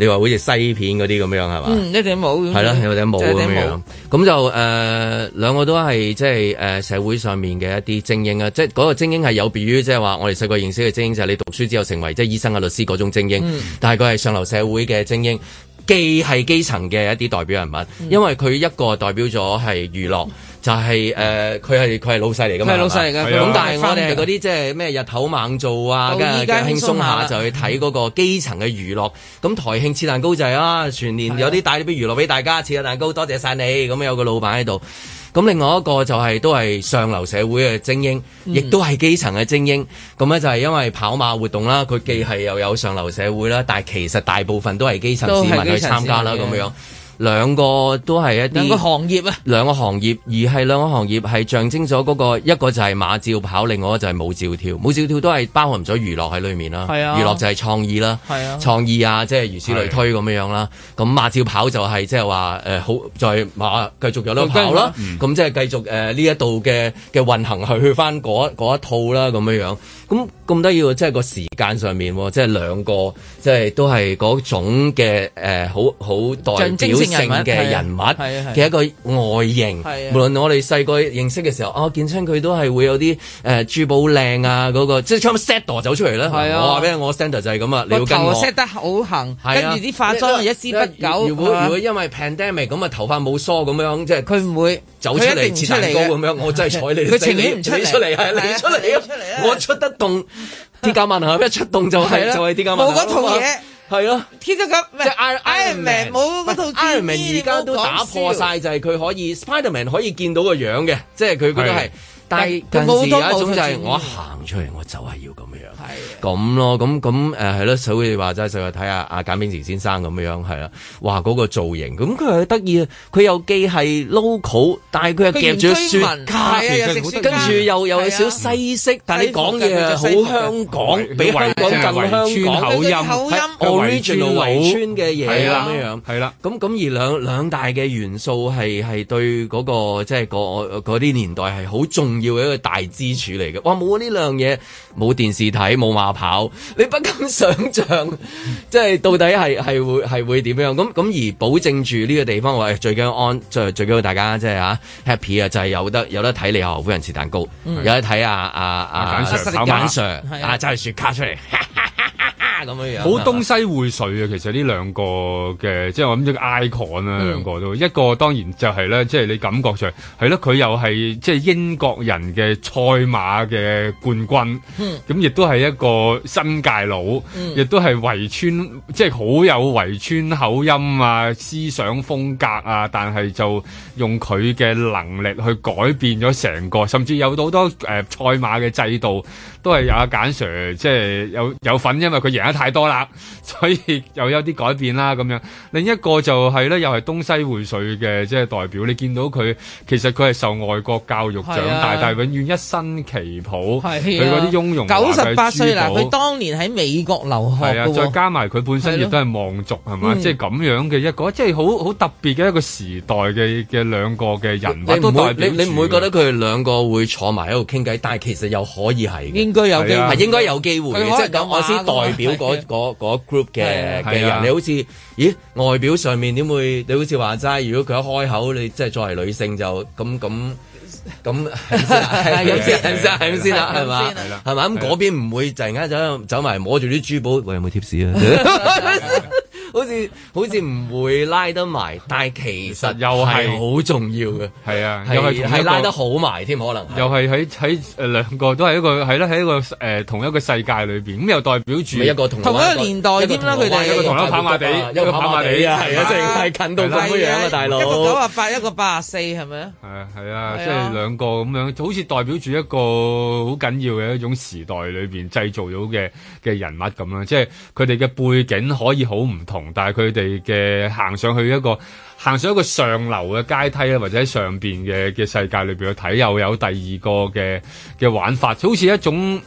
你話好似西片嗰啲咁樣係嘛？嗯，一頂帽。係咯，一頂帽咁樣。咁就誒、呃、兩個都係即係誒、呃、社會上面嘅一啲精英啊！即係嗰個精英係有別於即係話我哋細個認識嘅精英，就係你讀書之後成為即係醫生啊、律師嗰種精英。嗯、但係佢係上流社會嘅精英，既係基層嘅一啲代表人物，因為佢一個代表咗係娛樂。嗯就係、是、誒，佢係佢係老細嚟㗎嘛。係的吧老細嚟㗎。咁的但係我哋嗰啲即係咩日頭猛做啊，跟住輕鬆下就去睇嗰個基層嘅娛樂。咁、嗯、台慶切蛋糕就係啊，全年有啲帶啲娛樂俾大家、嗯、切個蛋糕，多謝晒你。咁、嗯、有個老闆喺度。咁另外一個就係、是、都係上流社會嘅精英，亦都係基層嘅精英。咁咧就係因為跑馬活動啦，佢既係又有上流社會啦，但係其實大部分都係基層市民去參加啦，咁樣。兩個都係一啲兩個行業啊兩個行業而係兩個行業，係象徵咗、嗰個，一個就係馬照跑，另外一個就係舞照跳。舞照跳都係包含咗娛樂喺裏面啦，係啊娛樂就係創意啦，係啊創意啊即係、就是、如此類推咁、啊、樣樣啦。咁馬照跑就係即係話誒好，就係、就是、馬繼續咗有得跑啦，咁即係繼續誒呢、呃、一度嘅嘅運行係去翻嗰嗰一套啦，咁樣樣咁，咁得意即係個時間上面即係、哦就是、兩個即係、就是、都係嗰種嘅誒、呃、好好代表性嘅人物嘅一個外形，無論我哋細個認識嘅時候，啊，見親佢都係會有啲誒珠寶靚啊，嗰個即係出 set 度走出嚟啦。我話俾你，我 set 就係咁啊，你要跟我 set 得好行，跟住啲化妝一絲不苟。如果如果因為 pandemic 咁啊頭髮冇梳咁樣，即係佢唔會走出嚟，切蛋糕咁樣，我真係睬你。佢切唔出嚟，你出嚟出嚟，我出得動，啲嘉賓啊！一出動就係就係啲嘉賓。冇嗰套嘢。係咯，即係 Iron Man 冇嗰套，蜘蛛俠而家都打破晒，就係佢可以 Spider Man 可以見到個樣嘅，即係佢覺得係，但係，但係有一種就係我行出嚟，我就係要咁。咁咯，咁咁誒係咯，所以話齋，上去睇下阿簡炳池先生咁樣樣，係啦，哇嗰個造型，咁佢係得意，佢又既係 local，但係佢又夾住雪茄，跟住又有少西式，但係你講嘢好香港，比香港更香港音 original 圍村嘅嘢咁樣，係啦，咁咁而兩兩大嘅元素係係對嗰個即係嗰啲年代係好重要嘅一個大支柱嚟嘅，哇冇呢樣嘢冇電視睇。冇馬跑，你不敢想象，即、就、係、是、到底係係會係會點樣咁咁而保證住呢個地方，我最驚安最最驚大家即係啊 happy 啊，就係有得有得睇你啊，香港人食蛋糕，的有得睇啊。啊啊簡 Sir 啊，揸住雪茄出嚟。哈哈哈哈好東西匯萃啊！其實呢兩個嘅，即係我諗住 icon 啊，兩個都、嗯、一個當然就係、是、咧，即、就、係、是、你感覺上係咯，佢又係即係英國人嘅賽馬嘅冠軍，咁亦、嗯、都係一個新界佬，亦、嗯、都係圍村，即係好有圍村口音啊、思想風格啊，但係就用佢嘅能力去改變咗成個，甚至有好多誒、呃、賽馬嘅制度都係有阿簡 Sir 即係有有份，因為佢贏。太多啦，所以又有啲改變啦咁樣。另一個就係咧，又係東西匯水嘅，即係代表你見到佢，其實佢係受外國教育長大，但係永遠一身旗袍，佢嗰啲雍容，九十八歲啦。佢當年喺美國留學，係啊，再加埋佢本身亦都係望族係嘛，即係咁樣嘅一個，即係好好特別嘅一個時代嘅嘅兩個嘅人物。你唔會你唔會覺得佢哋兩個會坐埋喺度傾偈，但係其實又可以係應該有機係有機會，即係咁我先代表。嗰嗰那 Yeah. group 嘅嘅人，Yeah. 你好似，咦外表上面點會？你好似話齋，如果佢一開口，你即係作為女性就咁咁咁，有啲印象係唔先啦，係嘛？係啦，係嘛？ 咁嗰邊唔會突然間走走埋摸住啲珠寶，有冇貼士？啊？ 好似好似唔會拉得埋，但係其實又係好重要嘅，係啊，又係係拉得好埋添，可能又係喺喺誒兩個都係一個係啦，喺一個同一個世界裏面，咁又代表住一個同一個年代添啦，佢哋一個同一個跑馬地，同一個跑馬地啊，係啊，即係近到咁樣啊，大佬一個九廿八，一個八十四，係咪啊？係啊，即係兩個咁樣，好似代表住一個好緊要嘅一種時代裏面製造咗嘅嘅人物咁樣，即係佢哋嘅背景可以好唔同。但係佢哋嘅行上去一個行上一個上流嘅階梯咧，或者喺上邊嘅嘅世界裏邊去睇，又有，有第二個嘅嘅玩法，好似一種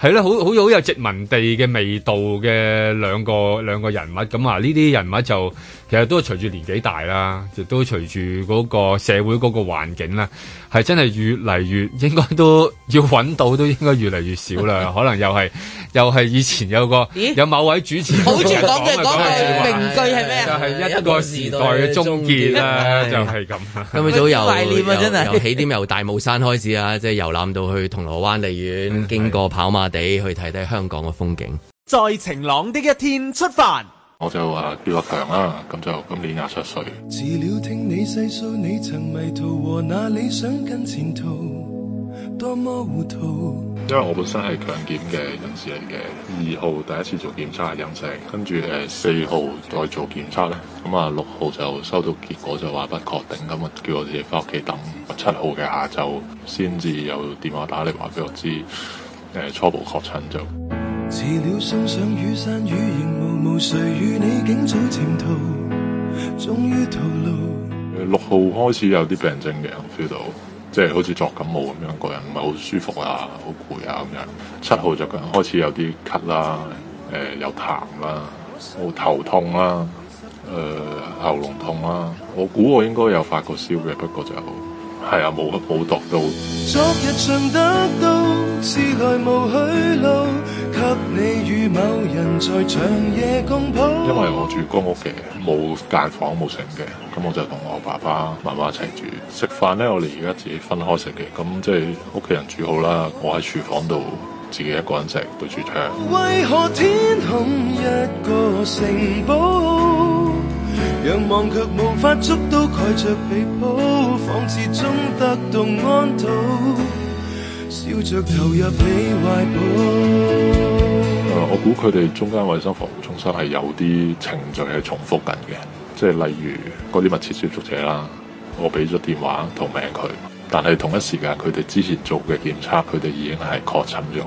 係咧，好好有好有殖民地嘅味道嘅兩個兩個人物咁啊！呢啲人物就。其實都係隨住年紀大啦，亦都隨住嗰個社會嗰個環境啦，係真係越嚟越應該都要揾到，都應該越嚟越少啦。可能又係又係以前有個有某位主持人，好似講嘅講嘅名句係咩啊？就係一個時代嘅終結啦，就係咁啦。今朝又又起點由大帽山開始啊，即係遊覽到去銅鑼灣利園，經過跑馬地去睇睇香港嘅風景。在晴朗的一天出發。我就叫阿強啦，咁就今年廿七歲。因為我本身係強檢嘅人士嚟嘅，二號第一次做檢測係陰性，跟住誒四號再做檢測咧，咁啊六號就收到結果就話不確定，咁啊叫我自己翻屋企等七號嘅下晝先至有電話打嚟話俾我知誒初步確診就。遲了送上雨傘，雨仍毛毛，誰與你景早前途，終於透露，誒六號開始有啲病症嘅，我 feel 到即係、就是、好似作感冒咁樣，個人唔係好舒服啊，好攰啊，咁樣。七號就個人開始有啲咳啦、啊，誒、呃、有痰啦、啊，好頭痛啦、啊，誒、呃、喉嚨痛啦、啊，我估我應該有發過燒嘅，不過就好。係啊，冇乜好度到。昨日盡得到，是來冇去路，給你與某人在長夜共抱。因為我住公屋嘅，冇間房，冇成嘅。噉我就同我爸爸媽媽一齊住。食飯咧，我哋而家自己分開食嘅。噉即係屋企人煮好啦，我喺廚房度，自己一個人食。背住窗，為何天空一個城堡？仰望卻無法觸到蓋着被鋪。誒、嗯，我估佢哋中間衛生防護中心係有啲程序係重複緊嘅，即係例如嗰啲密切接觸者啦，我俾咗電話同名佢，但係同一時間佢哋之前做嘅檢測，佢哋已經係確診咗。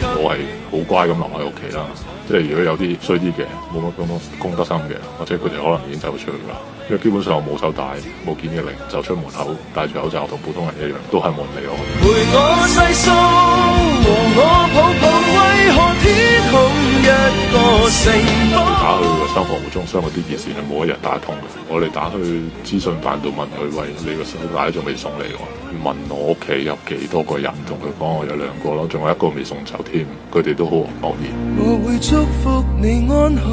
我係好乖咁留喺屋企啦，即係如果有啲衰啲嘅，冇乜咁多公德心嘅，或者佢哋可能已經走咗出去啦，因為基本上我冇手帶，冇堅嘅嚟，就出門口戴住口罩同普通人一樣，都係冇人理我。陪我我和我抱抱。一個打去個衞生防護中心嗰啲熱線，咧，冇一日打通嘅。我哋打去資訊辦度問佢，喂，你個手帶仲未送嚟喎，啊？問我屋企有幾多個人，同佢講我有兩個咯，仲有一個未送走添。佢哋都好愕然。我會祝福你安好，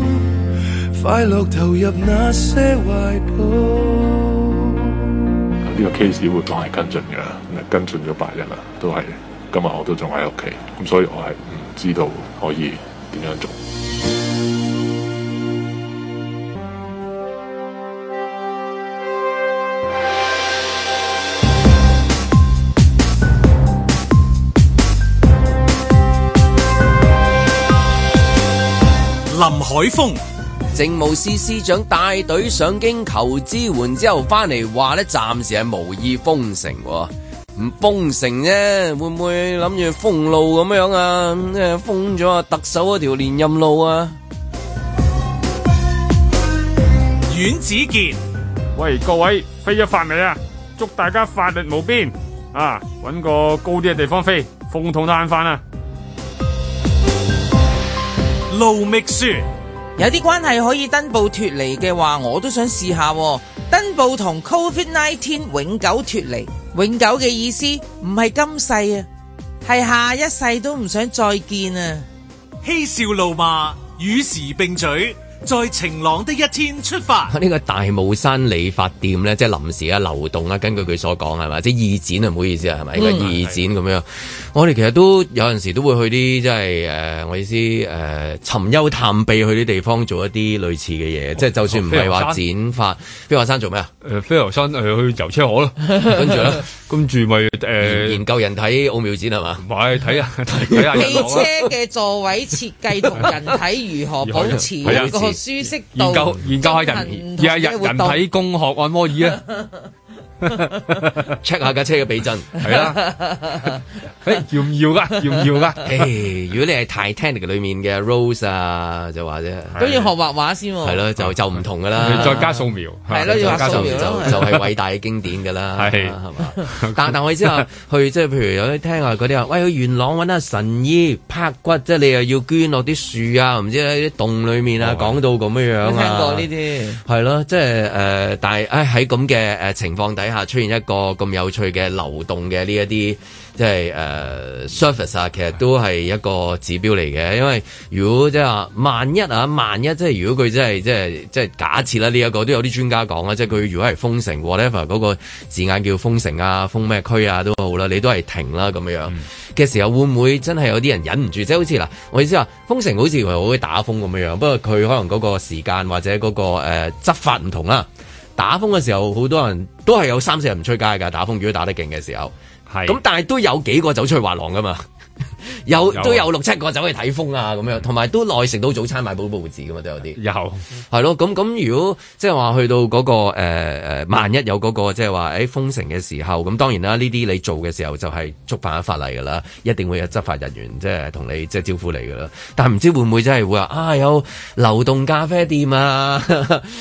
嗯、快樂投入那些懷抱。呢、嗯、個 case 會仲係跟進嘅，跟進咗八日啦，都係。今日我都仲喺屋企，咁所以我係。知道可以點樣做？林海峰，政務司司長帶隊上京求支援之後，翻嚟話呢，暫時係無意封城。唔封城啫，會唔會諗住封路咁樣啊？封咗啊特首嗰條連任路啊！阮子健，喂各位飛咗髮未啊？祝大家法力無邊啊！搵個高啲嘅地方飛，風筒攤飯啊！盧覓雪，有啲關係可以登報脫離嘅話，我都想試下，啊。登報同 Covid nineteen 永久脫離。永久嘅意思唔係今世啊，係下一世都唔想再見啊！嬉笑怒罵，與時並進。在晴朗的一天出發，呢個大帽山理髮店咧，即係臨時啊流動啊。根據佢所講係嘛，即係義剪，啊，唔好意思啊，係咪一個義剪咁樣？我哋其實都有陣時都會去啲即係誒，我意思誒，尋幽探秘去啲地方做一啲類似嘅嘢，即係就算唔係話剪髮，飛鵝山做咩啊？誒，飛鵝山去遊車河咯，跟住咧，跟住咪誒研究人體奧妙展，係嘛？唔係睇啊睇下汽車嘅座位設計同人體如何保持舒適度，研究研究下人人人體工學按摩椅啊。 check 下架車嘅避震係啦，要唔要噶？要唔要噶？如果你係 Titanic 裏面嘅 Rose 啊，就或者。咁要學畫畫先，係咯，就就唔同噶啦，再加素描，係咯，再加素描就就係偉大嘅經典噶啦，係，但但係我之後啊，去即係譬如有啲聽啊，嗰啲話，喂，去元朗搵下神醫拍骨，即係你又要捐落啲樹啊，唔知喺啲洞裏面啊，講到咁樣樣啊，聽過呢啲，係咯，即係誒，但係喺咁嘅誒情況底。底下出現一個咁有趣嘅流動嘅呢一啲即係誒 surface 啊，其實都係一個指標嚟嘅。因為如果即係話萬一啊，萬一即係如果佢真係即係即係假設啦、這個，呢一個都有啲專家講啦，即係佢如果係封城 whatever 嗰個字眼叫封城啊、封咩區啊都好啦，你都係停啦咁樣嘅、mm. 時候，會唔會真係有啲人忍唔住？即、就、係、是、好似嗱，我意思話封城好似好似打風咁樣，不過佢可能嗰個時間或者嗰、那個誒、呃、執法唔同啦。打風嘅時候，好多人都係有三四日唔出街㗎。打風如果打得勁嘅時候，咁係，但係都有幾個走出去滑浪㗎嘛。 有都有六七個走去睇風啊，咁樣，同埋都耐食到早餐，買保報紙噶嘛，都有啲。有係咯，咁咁如果即係話去到嗰、那個誒誒、呃，萬一有嗰、那個即係話誒封城嘅時候，咁當然啦，呢啲你做嘅時候就係觸犯法例噶啦，一定會有執法人員即係同你即係、就是、招呼你噶啦。但係唔知會唔會真係會話啊有流動咖啡店啊，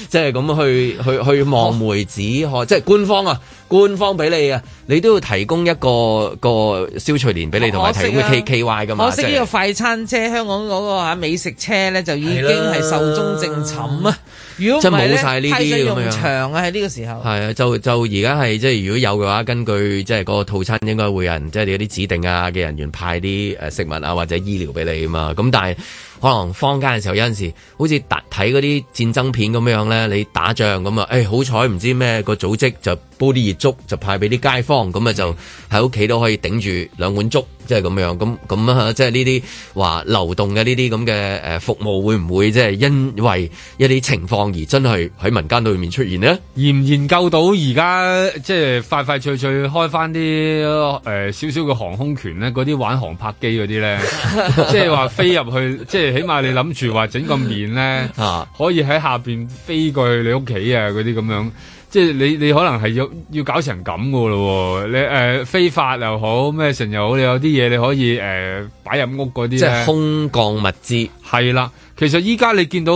即係咁去去去望梅止渴，即係、哦、官方啊，官方俾你啊，你都要提供一個一個消除年俾你同埋、啊、提供。奇奇怪咁啊！我識呢個快餐車，就係、香港嗰個啊美食車咧，就已經係壽終正寢的啊！如果即係冇晒呢啲咁樣用場啊！喺呢個時候係啊，就就而家係即係如果有嘅話，根據即係嗰個套餐，應該會有人即係有啲指定啊嘅人員派啲誒食物啊或者醫療俾你啊嘛。咁但係。可能坊間嘅時候有陣時，好似睇嗰啲戰爭片咁樣咧，你打仗咁啊，誒、哎、好彩唔知咩、嗰個組織就煲啲熱粥，就派俾啲街坊，咁啊就喺屋企都可以頂住兩碗粥，即係咁樣，咁咁即係呢啲話流動嘅呢啲咁嘅誒服務會唔會即係因為一啲情況而真係喺民間裏面出現咧？研唔研究到而家即係快快脆脆開翻啲誒少少嘅航空權咧？嗰啲玩航拍機嗰啲咧， 即係話飛入去即係。 起碼你諗住話整個面咧，可以喺下邊飛過去你屋企啊，嗰啲咁樣，即係你你可能係要要搞成咁噶咯喎，你誒、呃、飛發又好咩 i 又好，你有啲嘢你可以誒擺入屋嗰啲，即係空降物資係啦。其實依家你見到。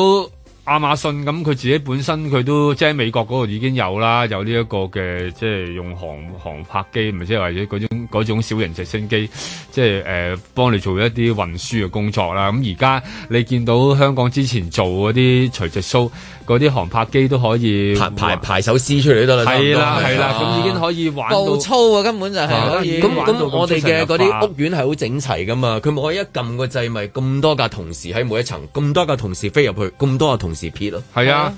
亞馬遜，咁佢自己本身佢都即係美國嗰度已經有啦，有呢一個嘅，即係用航航拍機，唔係，即係或者嗰種嗰種小型直升機，即係誒、呃、幫你做一啲運輸嘅工作啦。咁而家你見到香港之前做嗰啲垂直 show。嗰啲航拍機都可以排排排手撕出嚟都得啦，係啦係啦，咁已經可以玩到暴粗啊！根本就係可以咁咁，我哋嘅嗰啲屋苑係好整齊噶嘛，佢冇可以一撳個掣咪咁多架同事喺每一層，咁多架同事飛入去，咁多個同事撇咯，係啊，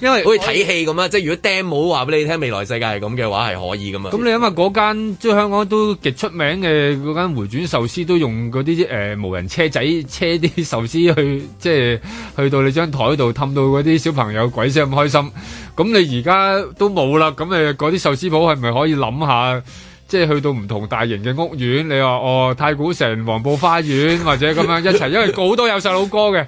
因為好似睇戲咁啊，即係如果釘冇話俾你聽，未來世界係咁嘅話係可以噶嘛。咁你諗下嗰間即係香港都極出名嘅嗰間迴轉壽司，都用嗰啲誒無人車仔車啲壽司去即係去到你張枱度氹到嗰啲小朋友。有鬼死咁開心。咁你而家都冇啦，咁你嗰啲壽司鋪係咪可以諗下，即係去到唔同大型嘅屋苑，你話哦，太古城、黃埔花園或者咁樣一齊， 因為好多有細佬哥嘅，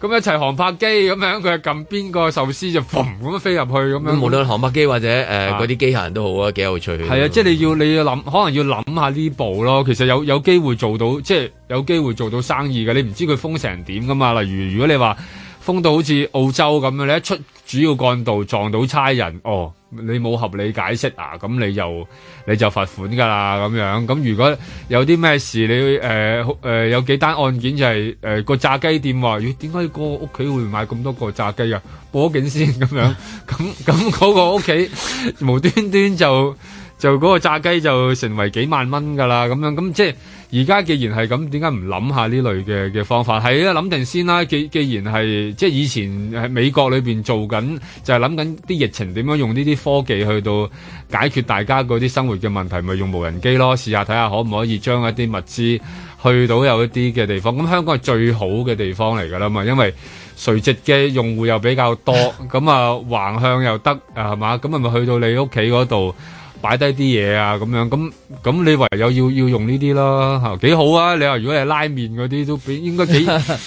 咁一齊航拍機咁樣，佢撳邊個壽司就嘭咁飛飛入去咁樣。咁無論航拍機或者誒嗰啲機械人都好啊，幾有趣。係啊，即係你要你要諗，可能要諗下呢步咯。其實有有機會做到，即係有機會做到生意嘅。你唔知佢封成點噶嘛，例如如果你話。封到好似澳洲咁樣，你一出主要幹道撞到差人，哦，你冇合理解釋啊，咁你又你就罰款㗎啦咁樣。咁如果有啲咩事，你誒、呃呃、有幾單案件就係誒個炸雞店話，咦點解個屋企會買咁多個炸雞啊？報警先咁樣。咁咁嗰個屋企無端端就就嗰個炸雞就成為幾萬蚊㗎啦。咁樣咁即係。而家既然係咁，點解唔諗下呢類嘅嘅方法？係啊，諗定先啦。既既然係即係以前喺美國裏面做緊，就係諗緊啲疫情點樣用呢啲科技去到解決大家嗰啲生活嘅問題，咪用無人機咯。試下睇下可唔可以將一啲物資去到有一啲嘅地方。咁、嗯、香港係最好嘅地方嚟㗎啦嘛，因為垂直機用戶又比較多，咁啊橫向又得啊係嘛，咁咪去到你屋企嗰度。擺低啲嘢啊，咁樣咁咁你唯有要要用呢啲咯，吓，幾好啊！你話如果係拉麵嗰啲都比應該幾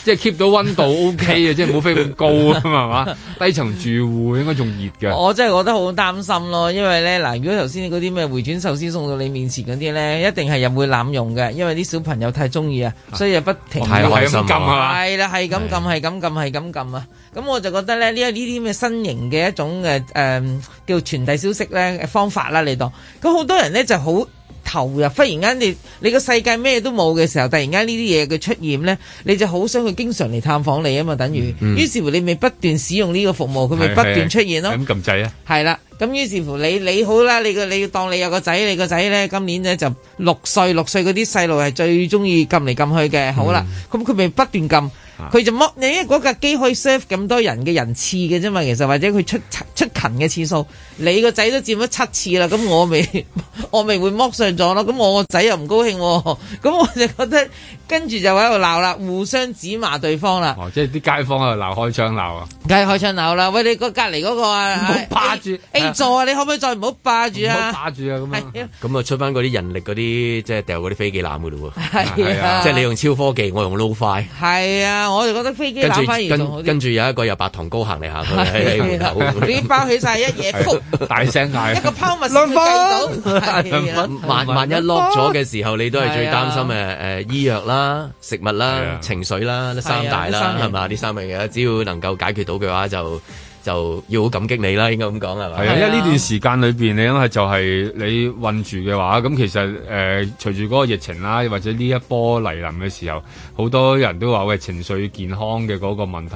即係 keep 到溫度 OK 嘅，即係冇飛咁高啊嘛，係嘛？低層住戶應該仲熱嘅。我真係覺得好擔心咯，因為咧嗱，如果頭先嗰啲咩回轉壽司送到你面前嗰啲咧，一定係又會濫用嘅，因為啲小朋友太中意啊，所以不停太開心係啦，係咁撳，係咁撳，係咁撳啊！咁我就覺得咧呢一呢啲咩新型嘅一種誒誒叫傳遞消息咧方法啦嚟到。咁好多人咧就好投入，忽然間你你個世界咩都冇嘅時候，突然間呢啲嘢嘅出現咧，你就好想去經常嚟探訪你啊嘛，等於，於、嗯、是乎你咪不斷使用呢個服務，佢咪不斷出現咯。咁撳掣啊？係、嗯、啦，咁於是乎你你好啦，你個你，你當你有個仔，你個仔咧今年咧就六歲，六歲嗰啲細路係最中意撳嚟撳去嘅。好啦，咁佢咪不斷撳，佢就摸，因為嗰架機可以 serve 咁多人嘅人次嘅啫嘛，其實或者佢出出勤嘅次數。你個仔都佔咗七次啦，咁我未我未會剝上咗咯，咁我個仔又唔高興，咁我就覺得跟住就喺度鬧啦，互相指罵對方啦。哦，即係啲街坊喺度鬧開窗鬧啊，梗係開窗鬧啦。喂，你個隔離嗰個，唔好霸住 A 座啊！你可唔可以再唔好霸住啊？霸住啊！咁啊，咁啊，出翻嗰啲人力嗰啲，即係掉嗰啲飛機欖噶咯喎。係啊，即係你用超科技，我用 low 快。係啊，我就覺得飛機欖翻嚴跟住有一個由白糖糕行嚟行去，你包起晒一嘢大聲嗌 一個泡物兩計到萬萬一 lock 咗嘅時候，你都係最擔心嘅。誒、啊呃、醫藥啦、食物啦、啊、情緒啦，三大啦，係嘛、啊？呢三樣嘢，只要能夠解決到嘅話就，就就要好感激你啦。應該咁講係嘛？係啊，啊，因為呢段時間裏邊，你因為就係你困住嘅話，咁其實誒，隨住嗰個疫情啦，或者呢一波嚟臨嘅時候，好多人都話喂，情緒健康嘅嗰個問題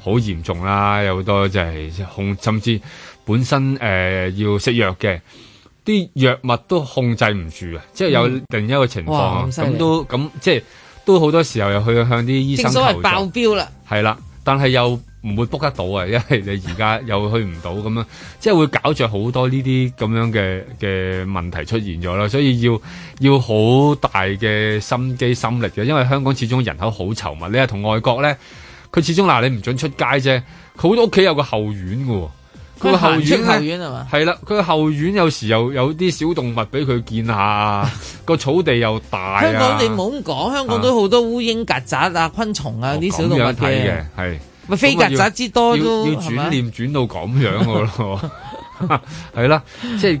好嚴重啦，有好多就係、是、控，甚至。本身誒、呃、要食藥嘅，啲藥物都控制唔住啊！即係有另一個情況，咁、嗯、都咁即係都好多時候又去向啲醫生求助，所謂爆標啦，係啦，但係又唔會 book 得到啊，因為你而家又去唔到咁樣，即係會搞着好多呢啲咁樣嘅嘅問題出現咗啦，所以要要好大嘅心機心力嘅，因為香港始終人口好稠密，你係同外國咧，佢始終嗱、呃、你唔准出街啫，佢好多屋企有個後院喎。佢個後院係，係啦。佢個後院有時又有啲小動物俾佢見下，個 草地又大、啊香，香港你唔好咁講，香港都好多烏蠅、曱甴啊、昆蟲啊啲小動物睇嘅，係、哦。咪飛曱甴之多都，要轉念轉到咁樣個咯。 係啦， 即係誒，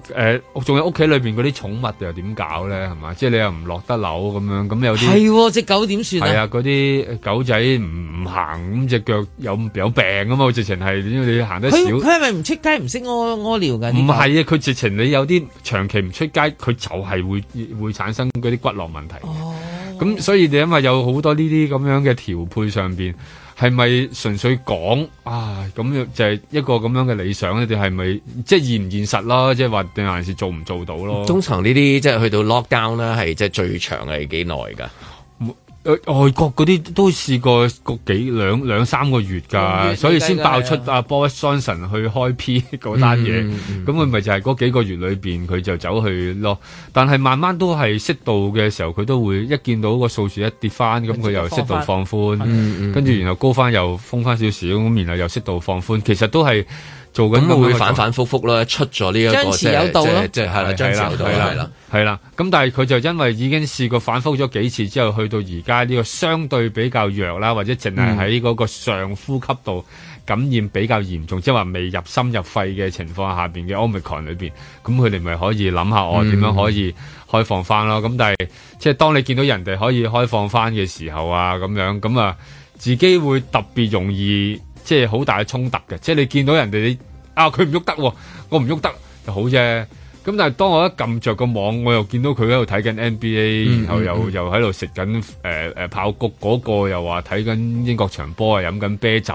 仲、呃、有屋企裏邊嗰啲寵物又點搞咧？係、哦那個啊啊嘛，即係你又唔落得樓咁樣，咁有啲係隻狗點算？係啊，嗰啲狗仔唔唔行咁隻腳有有病啊嘛，直情係點你行得少，佢係咪唔出街唔識屙屙尿噶？唔係啊，佢直情你有啲長期唔出街，佢、啊、就係會會產生嗰啲骨骼問題。咁、哦、所以你因為有好多呢啲咁樣嘅調配上邊。係咪純粹講啊？咁樣就係一個咁樣嘅理想咧？定係咪即係現唔現實啦，就是？即係話定還是做唔做到咯？中層呢啲即係去到 lock down 啦係即係最長係幾耐噶？外國嗰啲都試過個幾兩兩三個月㗎，嗯、所以先爆出阿 Boris Johnson 去開 P 嗰單嘢，咁佢咪就係嗰幾個月裏面，佢就走去囉。但係慢慢都係適度嘅時候，佢都會一見到個數字一跌翻，咁佢又適度放寬，跟住、嗯嗯、然後高翻又封翻少少，咁然後又適度放寬，其實都係。做緊會反反覆覆啦，出咗呢一個即係即係係啦，張弛有度係啦係係啦，咁但係佢就因為已經試過反覆咗幾次之後，去到而家呢個相對比較弱啦，或者淨係喺嗰個上呼吸道感染比較嚴重，即係話未入心入肺嘅情況下邊嘅 omicron 裏邊，咁佢哋咪可以諗下我點樣可以開放翻咯？咁但係即係當你見到人哋可以開放翻嘅時候啊，咁樣咁啊，自己會特別容易即係好大嘅衝突嘅，即係你見到人哋啊！佢唔喐得，我唔喐得就好啫。咁但係當我一撳著個網，我又見到佢喺度睇緊 NBA，然後又又喺度食緊誒誒爆谷，嗰個又話睇緊英國場波啊，飲緊啤酒。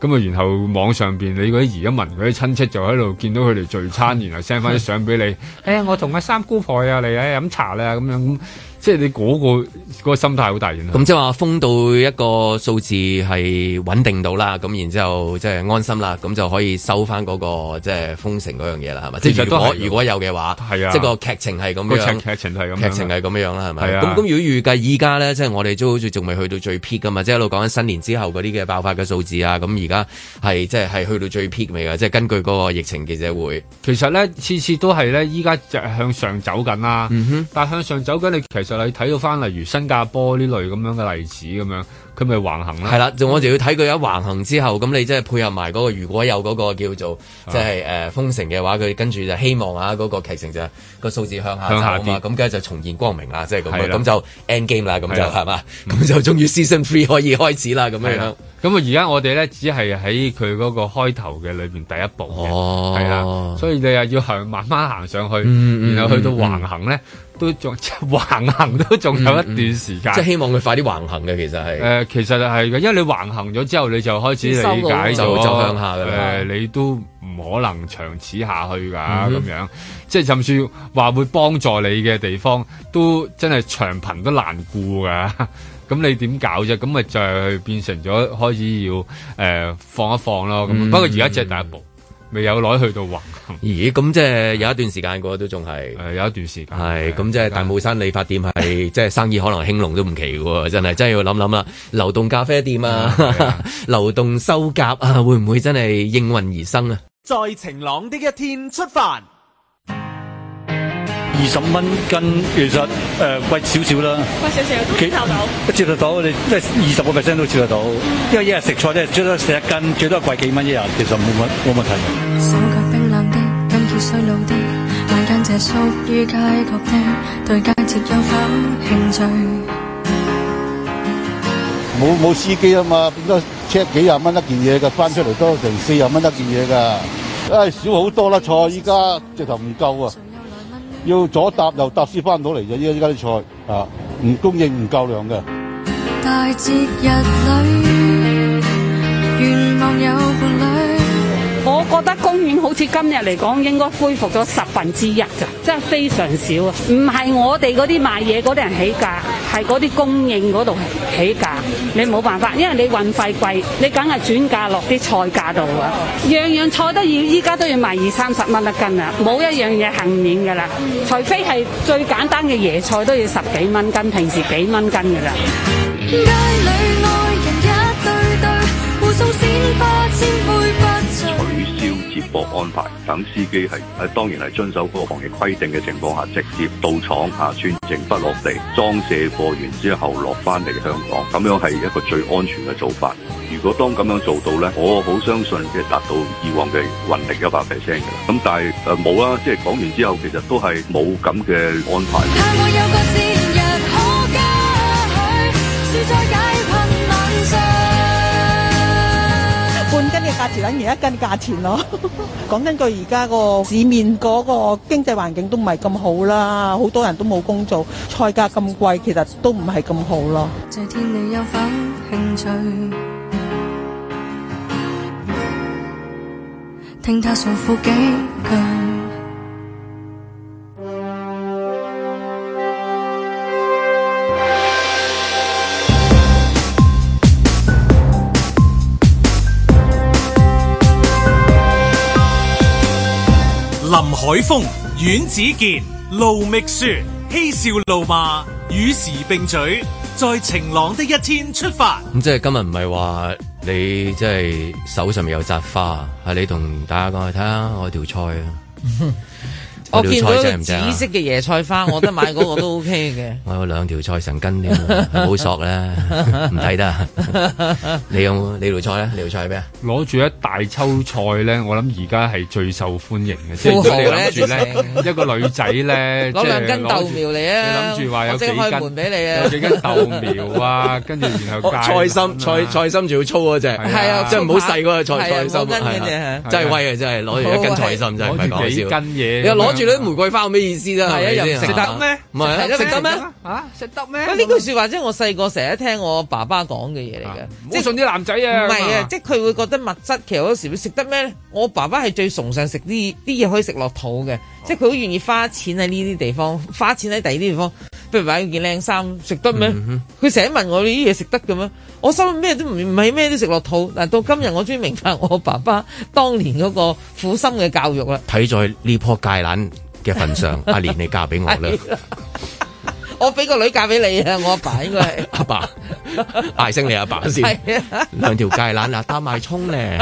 咁啊，然後網上邊你嗰啲移咗民嗰啲親戚就喺度見到佢哋聚餐，然後 send 翻啲相俾你。誒，我同阿三姑婆又嚟啊飲茶啦咁樣。即係你嗰、那個嗰、那個、心態好大然咁即係話封到一個數字係穩定到啦，咁然之後即係安心啦，咁就可以收翻嗰、那個即係、就是、封城嗰樣嘢啦，係咪？即係其實 如果的如果有嘅話，的即係個劇情係咁樣。劇情係咁劇情係咁樣啦，係咪的？咁的如果預計依家咧，即、就、係、是、我哋都好似仲未去到最 peak 㗎噶嘛，即係一路講緊新年之後嗰啲嘅爆發嘅數字啊，咁而家係即係去到最 peak e 未啊？即係根據個疫情記者會。其實咧，次次都係咧，依家就向上走緊啦、啊。嗯、哼但向上走緊，你其實你睇到翻例如新加坡呢類咁樣嘅例子咁樣，佢咪橫行咧？係啦，仲我哋要睇佢一橫行之後，咁你即係配合埋嗰個，如果有嗰個叫做即係誒封城嘅話，佢跟住就希望啊嗰個劇情就個數字向下走嘛，咁梗就重現光明啦，即係咁咁就 end game 啦，咁就係嘛，咁就終於 season three 可以開始啦，咁樣咁啊，而家我哋咧只係喺佢嗰個開頭嘅裏邊第一步，係啊，所以你又要行慢慢行上去，然後去到橫行咧。都仲橫行都仲有一段時間，嗯嗯、即係希望佢快啲橫行嘅其實係。誒，其實係嘅、呃，因為你橫行咗之後，你就開始理解走向下嘅。呃、是你都唔可能長此下去㗎咁、嗯、哼樣。即係甚至話會幫助你嘅地方，都真係長貧都難顧㗎。咁你點搞啫？咁咪就變成咗開始要誒、呃、放一放咯。咁、嗯、哼不過而家只係第一步。嗯未有耐去到橫行咦？咁即係有一段時間過都仲係，有一段時間，係咁的的即係大帽山理髮店係 即係生意可能興隆都唔奇喎，真係真係要諗諗啦。流動咖啡店啊，的 流動修甲啊，會唔會真係應運而生啊？在晴朗的一天出發。二十蚊斤，其實誒貴少少啦，貴少少都接受到，接得到，你即係二十個 percent 都接得到，因為一日食菜咧最多食一斤，最多貴幾蚊一日，其實冇乜冇問題。手腳冰冷啲，筋結衰老啲，民間這屬於街角的，對街節有否興趣？冇冇司機啊嘛，變咗車幾廿蚊一件嘢㗎，翻出嚟都成四十蚊一件嘢㗎，唉少好多啦菜，依家直頭唔夠啊！要左搭右搭先返到嚟嘅，依家依家啲菜啊，唔供應唔夠量嘅，大節日。覺得公園好似今日嚟講應該恢復咗十分之一咋，真係非常少啊！唔係我哋啲賣嘢嗰啲人起價，係嗰啲供應度起價，你冇辦法，因為你運費貴，你梗係轉價落啲菜價度啊！樣樣菜都要，依家都要賣二三十蚊一斤啊，冇一樣嘢幸免噶啦，除非係最簡單嘅椰菜都要十幾蚊斤，平時幾蚊斤噶啦。街裏外人一對對個安排等司機係喺，當然係遵守嗰個防疫規定嘅情況下，直接到廠下船，靜不落地裝卸貨完之後落翻嚟香港，咁樣係一個最安全嘅做法。如果當咁樣做到咧，我好相信即係達到以往嘅運力一百 percent 嘅啦。咁但係誒冇啦，即係講完之後，其實都係冇咁嘅安排。價錢等於一斤價錢咯。講真句，而家個市面嗰個經濟環境都唔係咁好啦，好多人都冇工做，菜價咁貴，其實都唔係咁好咯。林海峰、阮子健、盧覓雪，嬉笑怒罵，與時並舉，在晴朗的一天出發。咁即係今日唔係話你即係手上面有扎花，係你同大家講睇下我條菜啊。 我見到紫色嘅椰菜花，我覺得買嗰個都 OK 嘅。我有兩條菜神根添，好索啦，唔抵得。你有冇你條菜咧？條菜係咩啊？攞住一大抽菜咧，我諗而家係最受歡迎嘅。你諗住咧，一個女仔咧，攞兩根豆苗嚟啊！你諗住話有幾根俾你啊？幾根豆苗啊？跟住然後菜心，菜菜心仲要粗嗰隻，係啊，即係唔好細喎，菜菜心真係威啊！真係攞住一斤菜心真係唔幾斤嘢？玫瑰花有咩意思啫？食得咩？唔係啊，食、啊、得咩、啊？嚇、啊，食得咩？呢句說話即係我細個成日聽我爸爸講嘅嘢嚟嘅。唔好、啊、信啲男仔啊！唔係即啊，即係佢會覺得物質。其實嗰時佢食得咩咧？我爸爸係最崇尚食啲啲嘢可以食落肚嘅。好即係佢好願意花錢喺呢啲地方，花錢喺第二啲地方。佢買件靚衫食得咩？佢成日問我啲嘢食得嘅咩？我心咩都唔係，咩都食落肚。但到今日我終於明白我爸爸當年嗰個苦心嘅教育啦。睇在呢棵芥蘭嘅份上， 阿蓮你嫁俾我啦。 我俾個女嫁俾你啊！我阿爸，爸應該係阿、啊、爸，爸，大聲你阿爸，爸先。啊、兩條芥蘭 okay, 啊，搭埋葱咧，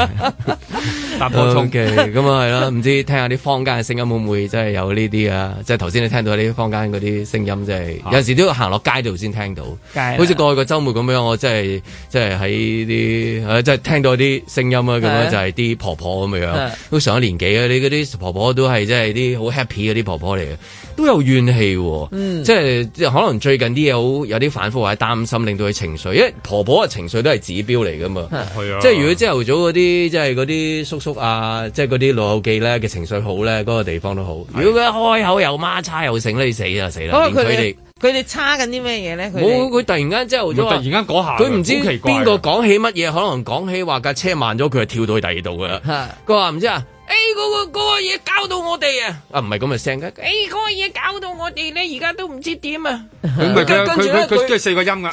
搭波葱。咁啊係啦，唔知聽下啲坊間嘅聲音會唔會真係有呢啲啊？即係頭先你聽到啲坊間嗰啲聲音，即、就、係、是、有陣時都要行落街度先聽到。啊、好似過去個週末咁樣，我真係即係喺啲，即係、啊、聽到啲聲音啊咁、就是、樣，就係啲婆婆咁樣。都上咗年紀啊，你嗰啲婆婆都係真係啲好 happy 嗰啲婆婆嚟嘅，都有怨氣、啊。嗯、即係可能最近啲嘢好有啲反覆或者擔心，令到佢情緒，因為婆婆嘅情緒都係指標嚟㗎嘛。係啊，即係如果朝頭早嗰啲，即係嗰啲叔叔啊，即係嗰啲老友記咧嘅情緒好咧，嗰個地方都好。啊、如果佢一開口又孖叉又醒，你死呀死啦！佢哋佢哋差緊啲咩嘢咧？佢佢佢突然間朝頭早突然間嗰下，佢唔知邊個講起乜嘢，可能講起話架車慢咗，佢就跳到去第二度㗎啦。佢話唔知啊。誒，嗰個嗰個嘢搞到我哋啊！啊，唔係咁嘅聲嘅。誒，嗰個嘢搞到我哋咧，而家都唔知點啊！唔係，跟住咧，佢佢佢都係四個音啊！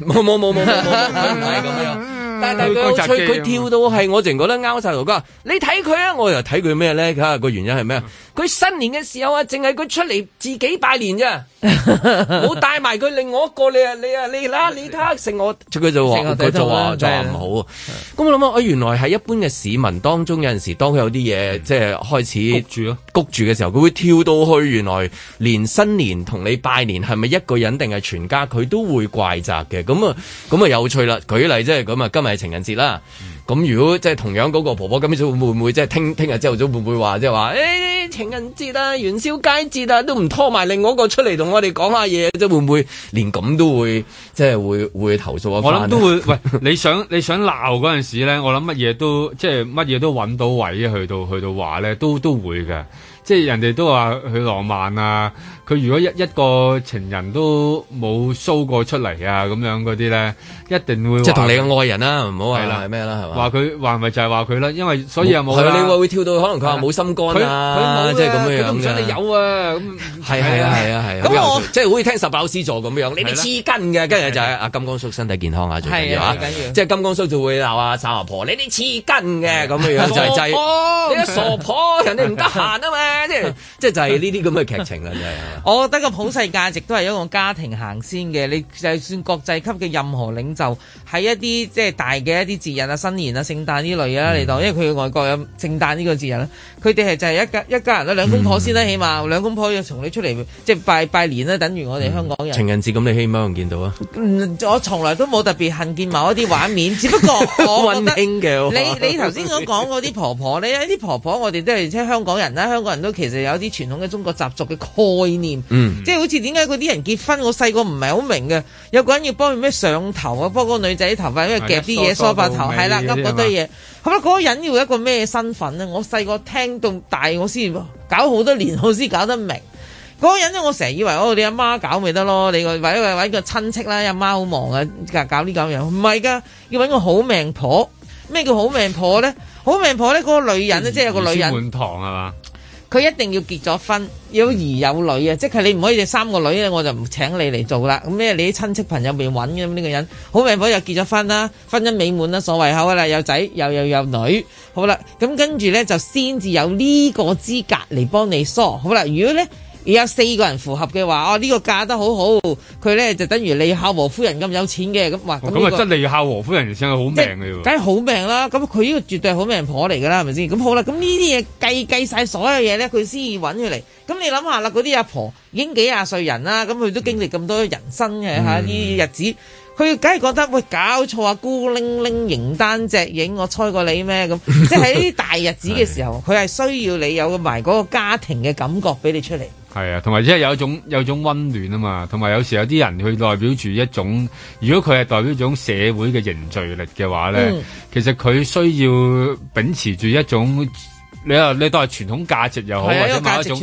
冇冇冇冇，佢唔係咁樣。但係佢佢跳到係我，淨覺得拗晒頭。佢你睇佢啊，我又睇佢咩咧？睇下個原因係咩啊？佢、嗯、新年嘅時候啊，淨係佢出嚟自己拜年啫，冇 帶埋佢另外一個你啊你啊你啦！你睇、啊、成我，佢就話佢就話就話唔好啊。咁對、嗯、我諗啊，原來喺一般嘅市民當中，有陣時當佢有啲嘢的即係開始焗住咯，焗住嘅時候，佢會跳到去原來連新年同你拜年係咪一個人定係全家，佢都會怪責嘅。咁啊咁啊有趣啦！舉例即係咁啊今。係情人節啦，咁、嗯嗯、如果即係同樣嗰、嗰個婆婆，今朝會唔會即係聽聽日朝頭早會唔會話即係話誒，情人節啦、啊，元宵佳節啊，都唔拖埋另外一個出嚟同我哋講下嘢，即係會唔會連咁都會即係會會,會投訴啊？我諗都會，喂，你想你想鬧嗰陣時咧， 我諗乜嘢都即係乜嘢都搵到位去到去到話咧，都都會嘅，即係人哋都話去浪漫啊。佢如果一一個情人都冇 show 過出嚟啊咁樣嗰啲咧，一定會即係同你嘅愛人啦，唔好話係咩啦，係嘛？話佢話咪就係話佢啦，因為所以又冇你話會跳到可能佢話冇心肝啦，佢冇即係咁嘅樣嘅。佢咁想你有啊，咁係係係啊係啊！咁我即係好似聽十八樓 C 座咁樣樣，你啲黐筋嘅，跟住就係阿金剛叔身體健康啊，最緊要啊，即係金剛叔就會鬧阿三阿婆，你啲黐筋嘅咁嘅樣，就就你個傻婆，人哋唔得閒啊嘛！即係即係就係呢啲咁嘅劇情啦，就係。我覺得個普世價值都係一個家庭行先嘅，你就算國際級嘅任何領袖喺一啲即係大嘅一啲節日啊、新年啊、聖誕呢類嘅啦，你當、嗯、因為佢外國有聖誕呢個節日啦，佢哋係就係一家一家人啦，兩公婆先啦，嗯、起碼兩公婆要同你出嚟即係拜拜年啦，等於我哋香港人。嗯、情人節咁，你起碼唔見到啊？嗯，我從來都冇特別恨見某一啲畫面， 只不過我覺得、 啊、你你頭先所講嗰啲婆婆咧，啲 婆婆我哋都係即係香港人啦，香港人都其實有啲傳統嘅中國習俗嘅概念。嗯，即係好似點解嗰啲人結婚？我細個唔係好明嘅，有個人要幫佢咩上頭啊，幫個女仔頭髮，因夾啲嘢梳髮頭，係啦的，咁嗰堆嘢。好咪嗰個人要一個咩身份咧？我細個聽到大我先，搞好多年我先搞得明。嗰、嗰個人咧，我成日以為我哋阿媽搞咪得咯，你個位一位位一個親戚啦，阿媽好忙啊，搞搞啲咁樣。唔係噶，要搵個好命婆。咩叫好命婆咧？好命婆咧，嗰、嗰個女人呢，而即係有個女人滿堂係嘛。佢一定要結咗婚，有兒有女啊！即係你唔可以三個女咧，我就唔請你嚟做啦。咁咩？你啲親戚朋友咪揾咁呢個人，好命婆又結咗婚啦，婚姻美滿啦，所謂口啦，有仔又又有女，好啦。咁跟住呢，就先至有呢個資格嚟幫你梳，好啦。如果呢。而家四個人符合嘅話，哦、啊、呢、這個嫁得好好，佢咧就等於利孝和夫人咁有錢嘅咁話。咁啊，真利孝和夫人先係好、這個哦、命嘅喎。梗係好命啦，咁佢呢個絕對係好命婆嚟㗎啦，係咪先？咁、嗯嗯、好啦，咁呢啲嘢計計晒所有嘢咧，佢先至揾出嚟。咁、嗯嗯、你諗下啦，嗰啲阿婆已經幾廿歲人啦，咁佢都經歷咁多人生嘅呢啲日子，佢梗係覺得，喂，搞錯啊，孤零零，形單隻影，我猜過你咩咁？即係喺呢啲大日子嘅時候，佢係 是需要你有埋嗰個家庭嘅感覺俾你出嚟。係啊，同埋即係有一種有一種溫暖啊嘛，同埋有，有時有啲人佢代表住一種，如果佢係代表一種社會嘅凝聚力嘅話咧，嗯、其實佢需要秉持住一種。你你都係傳統價值又好，或者某一種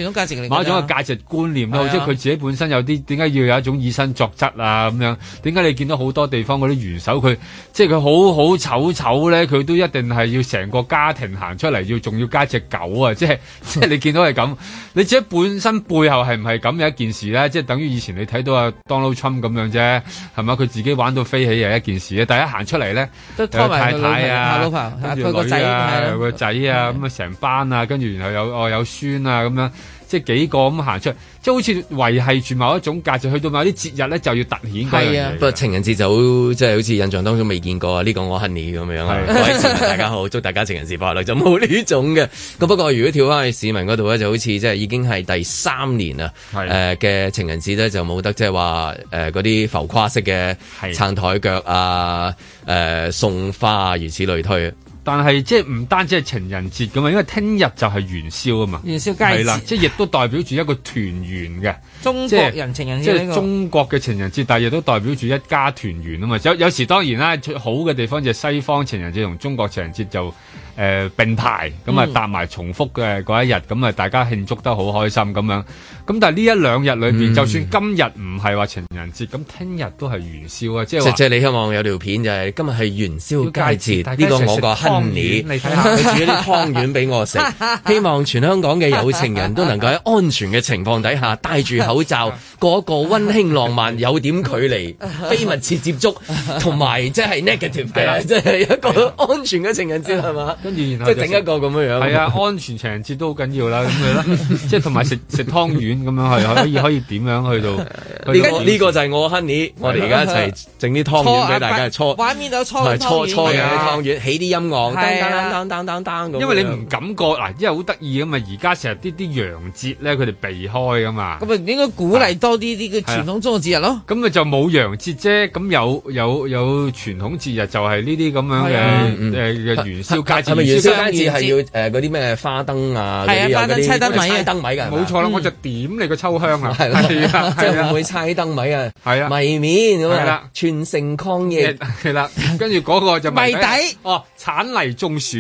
某一種嘅價值觀念啦，即係佢自己本身有啲點解要有一種以身作則啊咁樣？點解你見到好多地方嗰啲元首佢即係佢好好醜醜咧，佢都一定係要成個家庭行出嚟，要仲要加隻狗啊！即係即係你見到係咁，你自己本身背後係唔係咁嘅一件事咧？即係等於以前你睇到阿 Donald Trump 咁樣啫，係咪？佢自己玩到飛起又一件事啊，但一行出嚟咧，都拖埋太太啊，老婆啊，佢個仔啊，個仔啊，咁啊成班。啊，跟住然後有哦有孫啊咁樣，即係幾個咁行出，即係好似維繫住某一種價值。去到某啲節日咧，就要突顯。係啊，不過情人節就好，即、就、係、是、好似印象當中未見過啊。呢、這個我 honey 咁樣是啊，各位 大家好，祝大家情人節快樂。就冇呢種嘅。咁不過如果跳翻去市民嗰度咧，就好似即係已經係第三年啊。係嘅、呃、情人節咧，就冇得即係話誒嗰啲浮誇式嘅撐台腳啊，誒、呃、送花啊，如此類推。但係即係唔單止係情人節咁啊，因為聽日就係元宵啊嘛，元宵佳節，係啦，即係亦都代表住一個團圓嘅中國人情人節、這個、即係中國嘅情人節，但係亦都代表住一家團圓啊嘛。有有時當然啦，好嘅地方就係西方情人節同中國情人節就。誒並排咁啊，搭埋重複嘅嗰一日，咁啊，大家慶祝得好開心咁樣。咁但係呢一兩日裏邊，就算今日唔係話情人節，咁聽日都係元宵啊！即係即係你希望有條片就係今日係元宵佳節，呢個我個 honey，你睇下佢煮啲湯圓俾我食。希望全香港嘅有情人都能夠喺安全嘅情況底下戴住口罩，個個溫馨浪漫、有點距離、非密切接觸，同埋即係 negative，即係一個安全嘅情人節係嘛？跟住然後整一個咁樣樣，係啊，安全情人節都好緊要啦，咁樣即係同埋食食湯圓咁樣係可以可以點樣去到呢個呢個就係我 Honey，我哋而家一齊整啲湯圓俾大家，搓擺面就搓湯圓，搓搓嘅湯圓，起啲音樂，噔噔噔噔噔噔咁。因為你唔感覺嗱，因為好得意嘅嘛，而家成日啲啲洋節咧，佢哋避開嘅嘛。咁咪應該鼓勵多啲啲嘅傳統中國節日咯。咁咪就冇洋節啫，咁有有有傳統節日就係呢啲咁樣嘅嘅元宵佳節。咁啊！元宵節係要誒嗰啲咩花燈啊，係啊，猜燈謎啊，燈謎㗎，冇錯啦！我就點你個秋香啊，係啊，即唔會猜燈謎啊，係啊，迷面咁啊，全城抗疫，係啦，跟住嗰個就迷底哦，產泥種樹，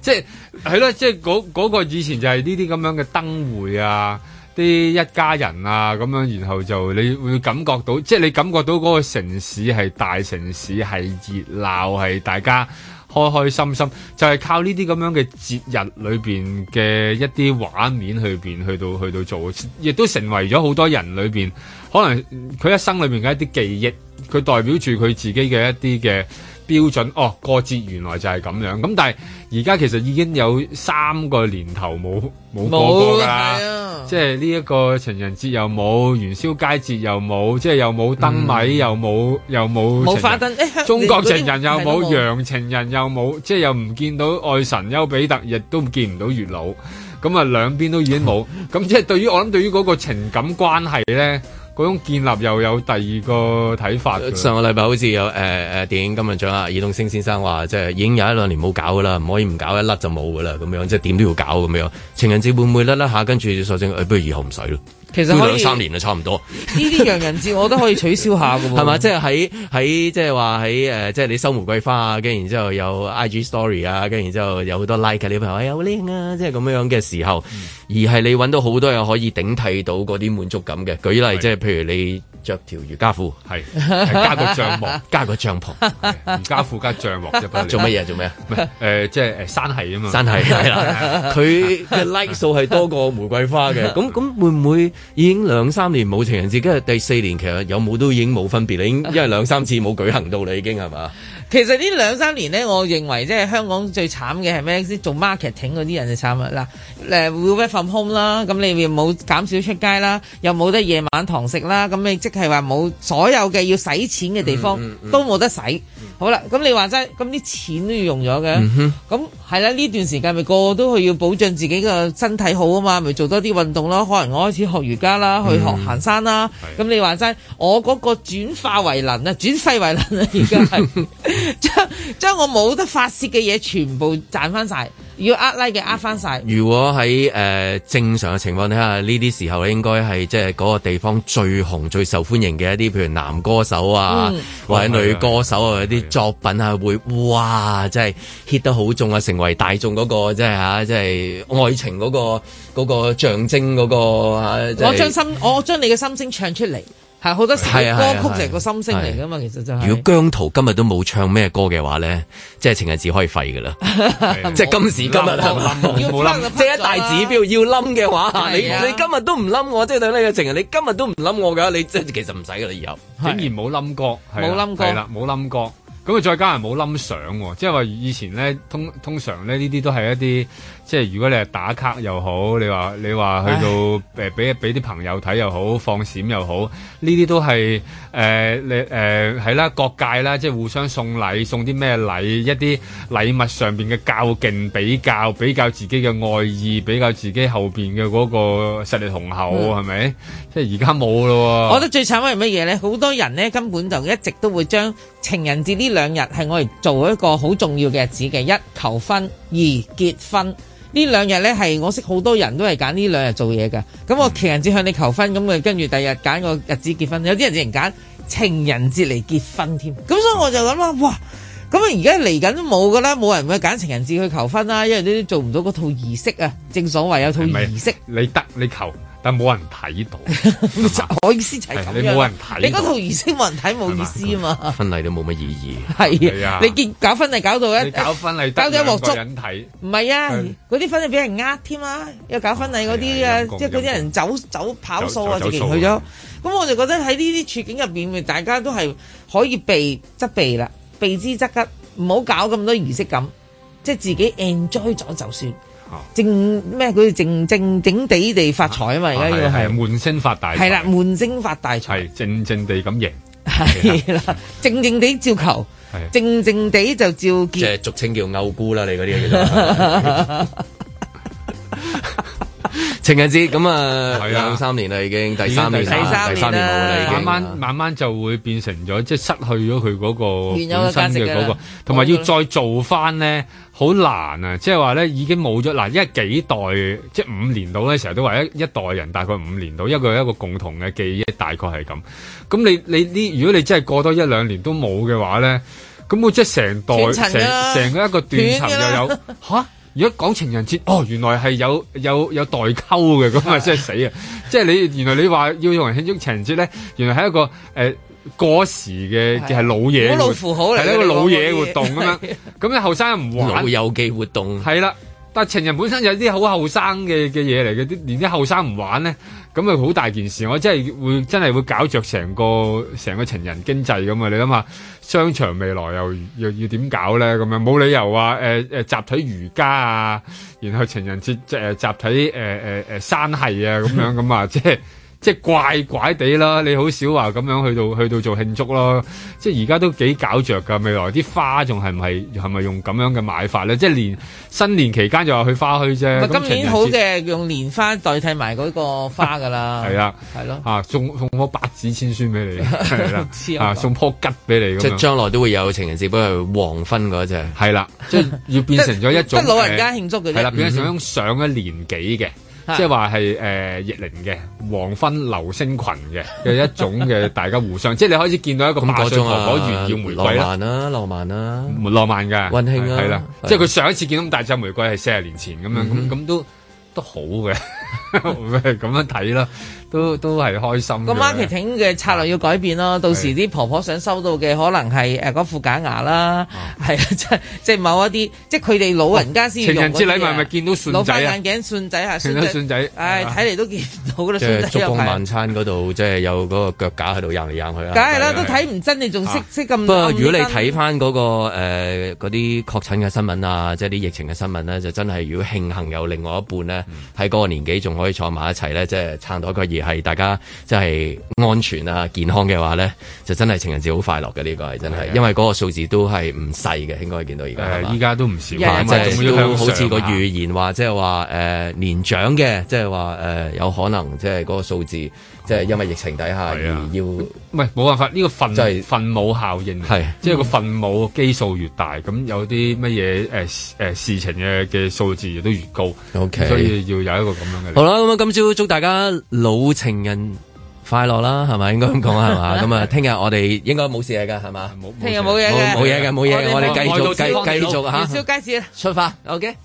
即係係咯，即係嗰個以前就係呢啲咁樣嘅燈會啊。啲一家人啊，咁樣，然後就你會感覺到，即係你感覺到嗰個城市係大城市係熱鬧，係大家開開心心，就係靠呢啲咁樣嘅節日裏面嘅一啲畫面去邊去到去到做，亦都成為咗好多人裏面。可能佢一生裏面嘅一啲記憶，佢代表住佢自己嘅一啲嘅。標準哦，過節原來就係咁樣咁，但係而家其實已經有三個年頭冇冇過過㗎啦，即係呢一個情人節又冇，元宵佳節又冇，即係又冇燈謎，又冇又冇，中國情人又冇，洋情人又冇，即係又唔見到愛神丘比特，亦都見唔到月老，咁啊兩邊都已經冇，咁即係對於我諗，對於嗰個情感關係咧。嗰種建立又有第二個睇法。上個禮拜好似有誒誒、呃、電影金像獎啊，爾冬陞先生話即係已經有一兩年冇搞㗎啦，唔可以唔搞一甩就冇㗎啦，咁樣即係點都要搞咁樣。情人節會唔會甩甩下？跟住索性，不如以後唔使咯。其實兩三年啊，差唔多。呢啲洋人節我都可以取消一下㗎，係嘛？ 即係喺喺即係話喺誒，即係你收玫瑰花啊，跟然之後有 IG story 啊，跟然之後有好多 like 你朋友哎呀好靚啊，即係咁樣嘅時候，而係你揾到好多嘢可以頂替到嗰啲滿足感嘅。舉例即係的譬如你着條瑜伽褲，係加個帳篷，加個帳篷，瑜伽褲加帳篷可、呃，就做乜嘢？做咩啊？誒，即係誒山係啊嘛，山系係啦。佢嘅 like 數係多過玫瑰花嘅。咁咁 會唔會已經兩三年冇情人節？跟住第四年其實有冇都已經冇分別，你已經因為兩三次冇舉行到，你已經係嘛？其實呢兩三年咧，我認為即係香港最慘嘅係咩先？做 marketing 嗰啲人就慘啦。嗱、啊，誒 work from home 啦，咁你咪冇減少出街啦，又冇得夜晚堂食啦，咁你即係話冇所有嘅要使錢嘅地方都冇得使。嗯嗯、好啦，咁你話齋，咁啲錢都要用咗嘅。咁係、嗯、哼啦，呢段時間咪個個都去要保障自己個身體好啊嘛，咪做多啲運動咯。可能我開始學瑜伽啦，嗯、去學行山啦。咁、嗯、你話齋，的我嗰個轉化為能啊，轉廢為能啊，而家係。 將將 我冇得發洩嘅嘢，全部賺翻晒，要呃拉嘅呃翻晒。如果喺，誒、呃、正常嘅情況底下，呢啲時候咧，應該係即係嗰個地方最紅、最受歡迎嘅一啲，譬如男歌手啊，嗯、或者女歌手啊，啲、哦、作品啊，會哇，即係 hit 得好重啊，成為大眾嗰、嗰個即係吓，即係愛情嗰、嗰個嗰、嗰個象徵嗰、嗰個。我將心，嗯、我將你嘅心聲唱出嚟。係好多首歌曲成個心聲嚟噶嘛，其實真係。如果姜濤今日都冇唱咩歌嘅話咧，即係情人節可以廢噶啦。即係今時今日即係一大指標要冧嘅話，你今日都唔冧我，即係對你嘅情人，你今日都唔冧我噶，你即係其實唔使噶啦，以後。竟然冇冧歌，冇冧歌，係啦冇冧歌，咁啊再加埋冇冧相，即係話以前咧通通常咧呢啲都係一啲。即係如果你係打卡又好，你話你話去到誒俾俾啲朋友睇又好，放閃又好，呢啲都係誒你誒係啦，各界啦，即係互相送禮，送啲咩禮，一啲禮物上面嘅較勁比較比較自己嘅愛意，比較自己後面嘅嗰個實力雄厚，係咪，嗯。即係而家冇咯。我覺得最慘係乜嘢咧？好多人咧根本就一直都會將情人節呢兩日係我哋做一個好重要嘅日子嘅一求婚，二結婚。呢兩日呢，係我識好多人都係揀呢兩日做嘢噶，咁我情人節向你求婚，咁咪跟住第日揀個日子結婚，有啲人仲揀情人節嚟結婚添，咁所以我就諗啦，哇，咁啊而家嚟緊都冇噶啦，冇人會揀情人節去求婚啦，因為都做唔到嗰套儀式啊，正所謂有套儀式，係唔係？你得你求。但冇人睇到，我意思就係咁樣。你冇人睇，你嗰套儀式冇人睇，冇意思啊嘛！婚禮都冇乜意義。係啊，你搞婚禮搞到一搞婚禮搞到一鑊粥，人睇。唔係啊，嗰啲婚禮都俾人呃添啊，又搞婚禮嗰啲啊，即係嗰啲人走走跑數啊，自己去咗。咁我就覺得喺呢啲處境入邊，大家都係可以避則避啦，避之則吉。唔好搞咁多儀式感，即係自己 enjoy 咗就算。正咩？佢正正正地地發財啊嘛！而家要係悶聲發大財係啦，悶聲發大財係正正地咁贏係啦，正正地照球係正正地就照見即係俗稱叫勾姑啦，你嗰啲叫做。情人節咁啊，係啊，兩三年啦，已經第三、第三年第三年啦，慢慢、慢慢就會變成咗，即失去咗佢嗰個本身嘅嗰個，同埋、嗰個、要再做翻咧，好難啊！即係話咧，已經冇咗嗱，因為幾代即五年度咧，成日都話一一代人大概五年度，一個一個共同嘅記憶，大概係咁。咁你你呢？如果你真係過多一兩年都冇嘅話咧，咁會即成代成成個一個斷層又有程 如果講情人節，哦，原來係有有有代溝嘅，咁啊真係死啊！ 即係你原來你話要用人慶祝情人節咧，原來係一個誒過、呃、時嘅係、啊、老嘢，老老符號嚟嘅，係一個老嘢活動咁樣，咁你後生唔玩有記活動，係啦。 但情人本身有啲好後生嘅嘅嘢嚟嘅，啲連啲後生唔玩咧，咁咪好大件事，我真係會真係會搞着成個成個情人經濟咁啊！你諗下，商場未來又又要點搞咧？咁樣冇理由話、啊、誒、呃、集體瑜伽啊，然後情人節、呃、集體誒誒誒山係啊咁樣咁啊，即係。 即係怪怪地啦，你好少話咁樣去到去到做慶祝咯。即係而家都幾搞着噶，未來啲花仲係唔係係咪用咁樣嘅買法咧？即係年新年期間就話去花墟啫。咪不今年好嘅用年花代替埋嗰個花噶啦。係啦，係咯。的的啊，送送棵百子千孫俾你。係啦。 知道 啊，送棵桔俾你。即係將來都會有情人節，不過黃昏嗰隻。係啦， 即係要變成咗一種。即老人家慶祝嘅。係啦，變成一種上一年紀嘅。即係話係誒逆齡嘅黃昏流星群嘅、嘅一種嘅，大家互相即係 你開始見到一個馬賽河果園叫玫瑰啦，浪、啊、漫啦、啊，浪漫啦、啊，溫馨啦，係啦、啊，即係佢上一次見到咁大隻玫瑰係四十年前咁、嗯、哼樣，咁咁都都好嘅。 咁樣睇啦，都都係開心。個 marketing 嘅策略要改變啦，到時啲婆婆想收到嘅可能係誒副假牙啦，係啊，即即某一啲，即佢哋老人家先。情人之禮咪咪見到孫仔老攞眼鏡孫仔嚇，孫仔，孫仔。唉，睇嚟都見到啦，孫仔即係燭光晚餐嗰度，即係有嗰個腳架喺度掟嚟掟去啊。梗係啦，都睇唔真，你仲識識咁。不過如果你睇翻嗰個嗰啲確診嘅新聞啊，即係啲疫情嘅新聞呢，就真係如果慶幸有另外一半呢，喺嗰個年紀。仲可以坐埋一齊咧，即係撐到一個而係大家即係安全啊，健康嘅話咧，就真係情人節好快樂嘅呢個係真係，因為嗰個數字都係唔細嘅，應該見到而家。誒，依家都唔少，即係好似個預言話，即係話誒年長嘅，即係話誒有可能即係嗰個數字。即係因為疫情底下要，唔係冇辦法呢個份就係份母效應，係即係個份母基數越大，咁有啲乜嘢誒誒事情嘅嘅數字亦都越高，OK，所以要有一個咁樣嘅。好啦，咁今朝祝大家老情人快樂啦，係咪？應該咁講係嘛？咁啊，聽日我哋應該冇事嘅，係嘛？聽日冇嘢嘅，冇嘢嘅，冇嘢我哋繼續繼繼續吓，燒出發，OK。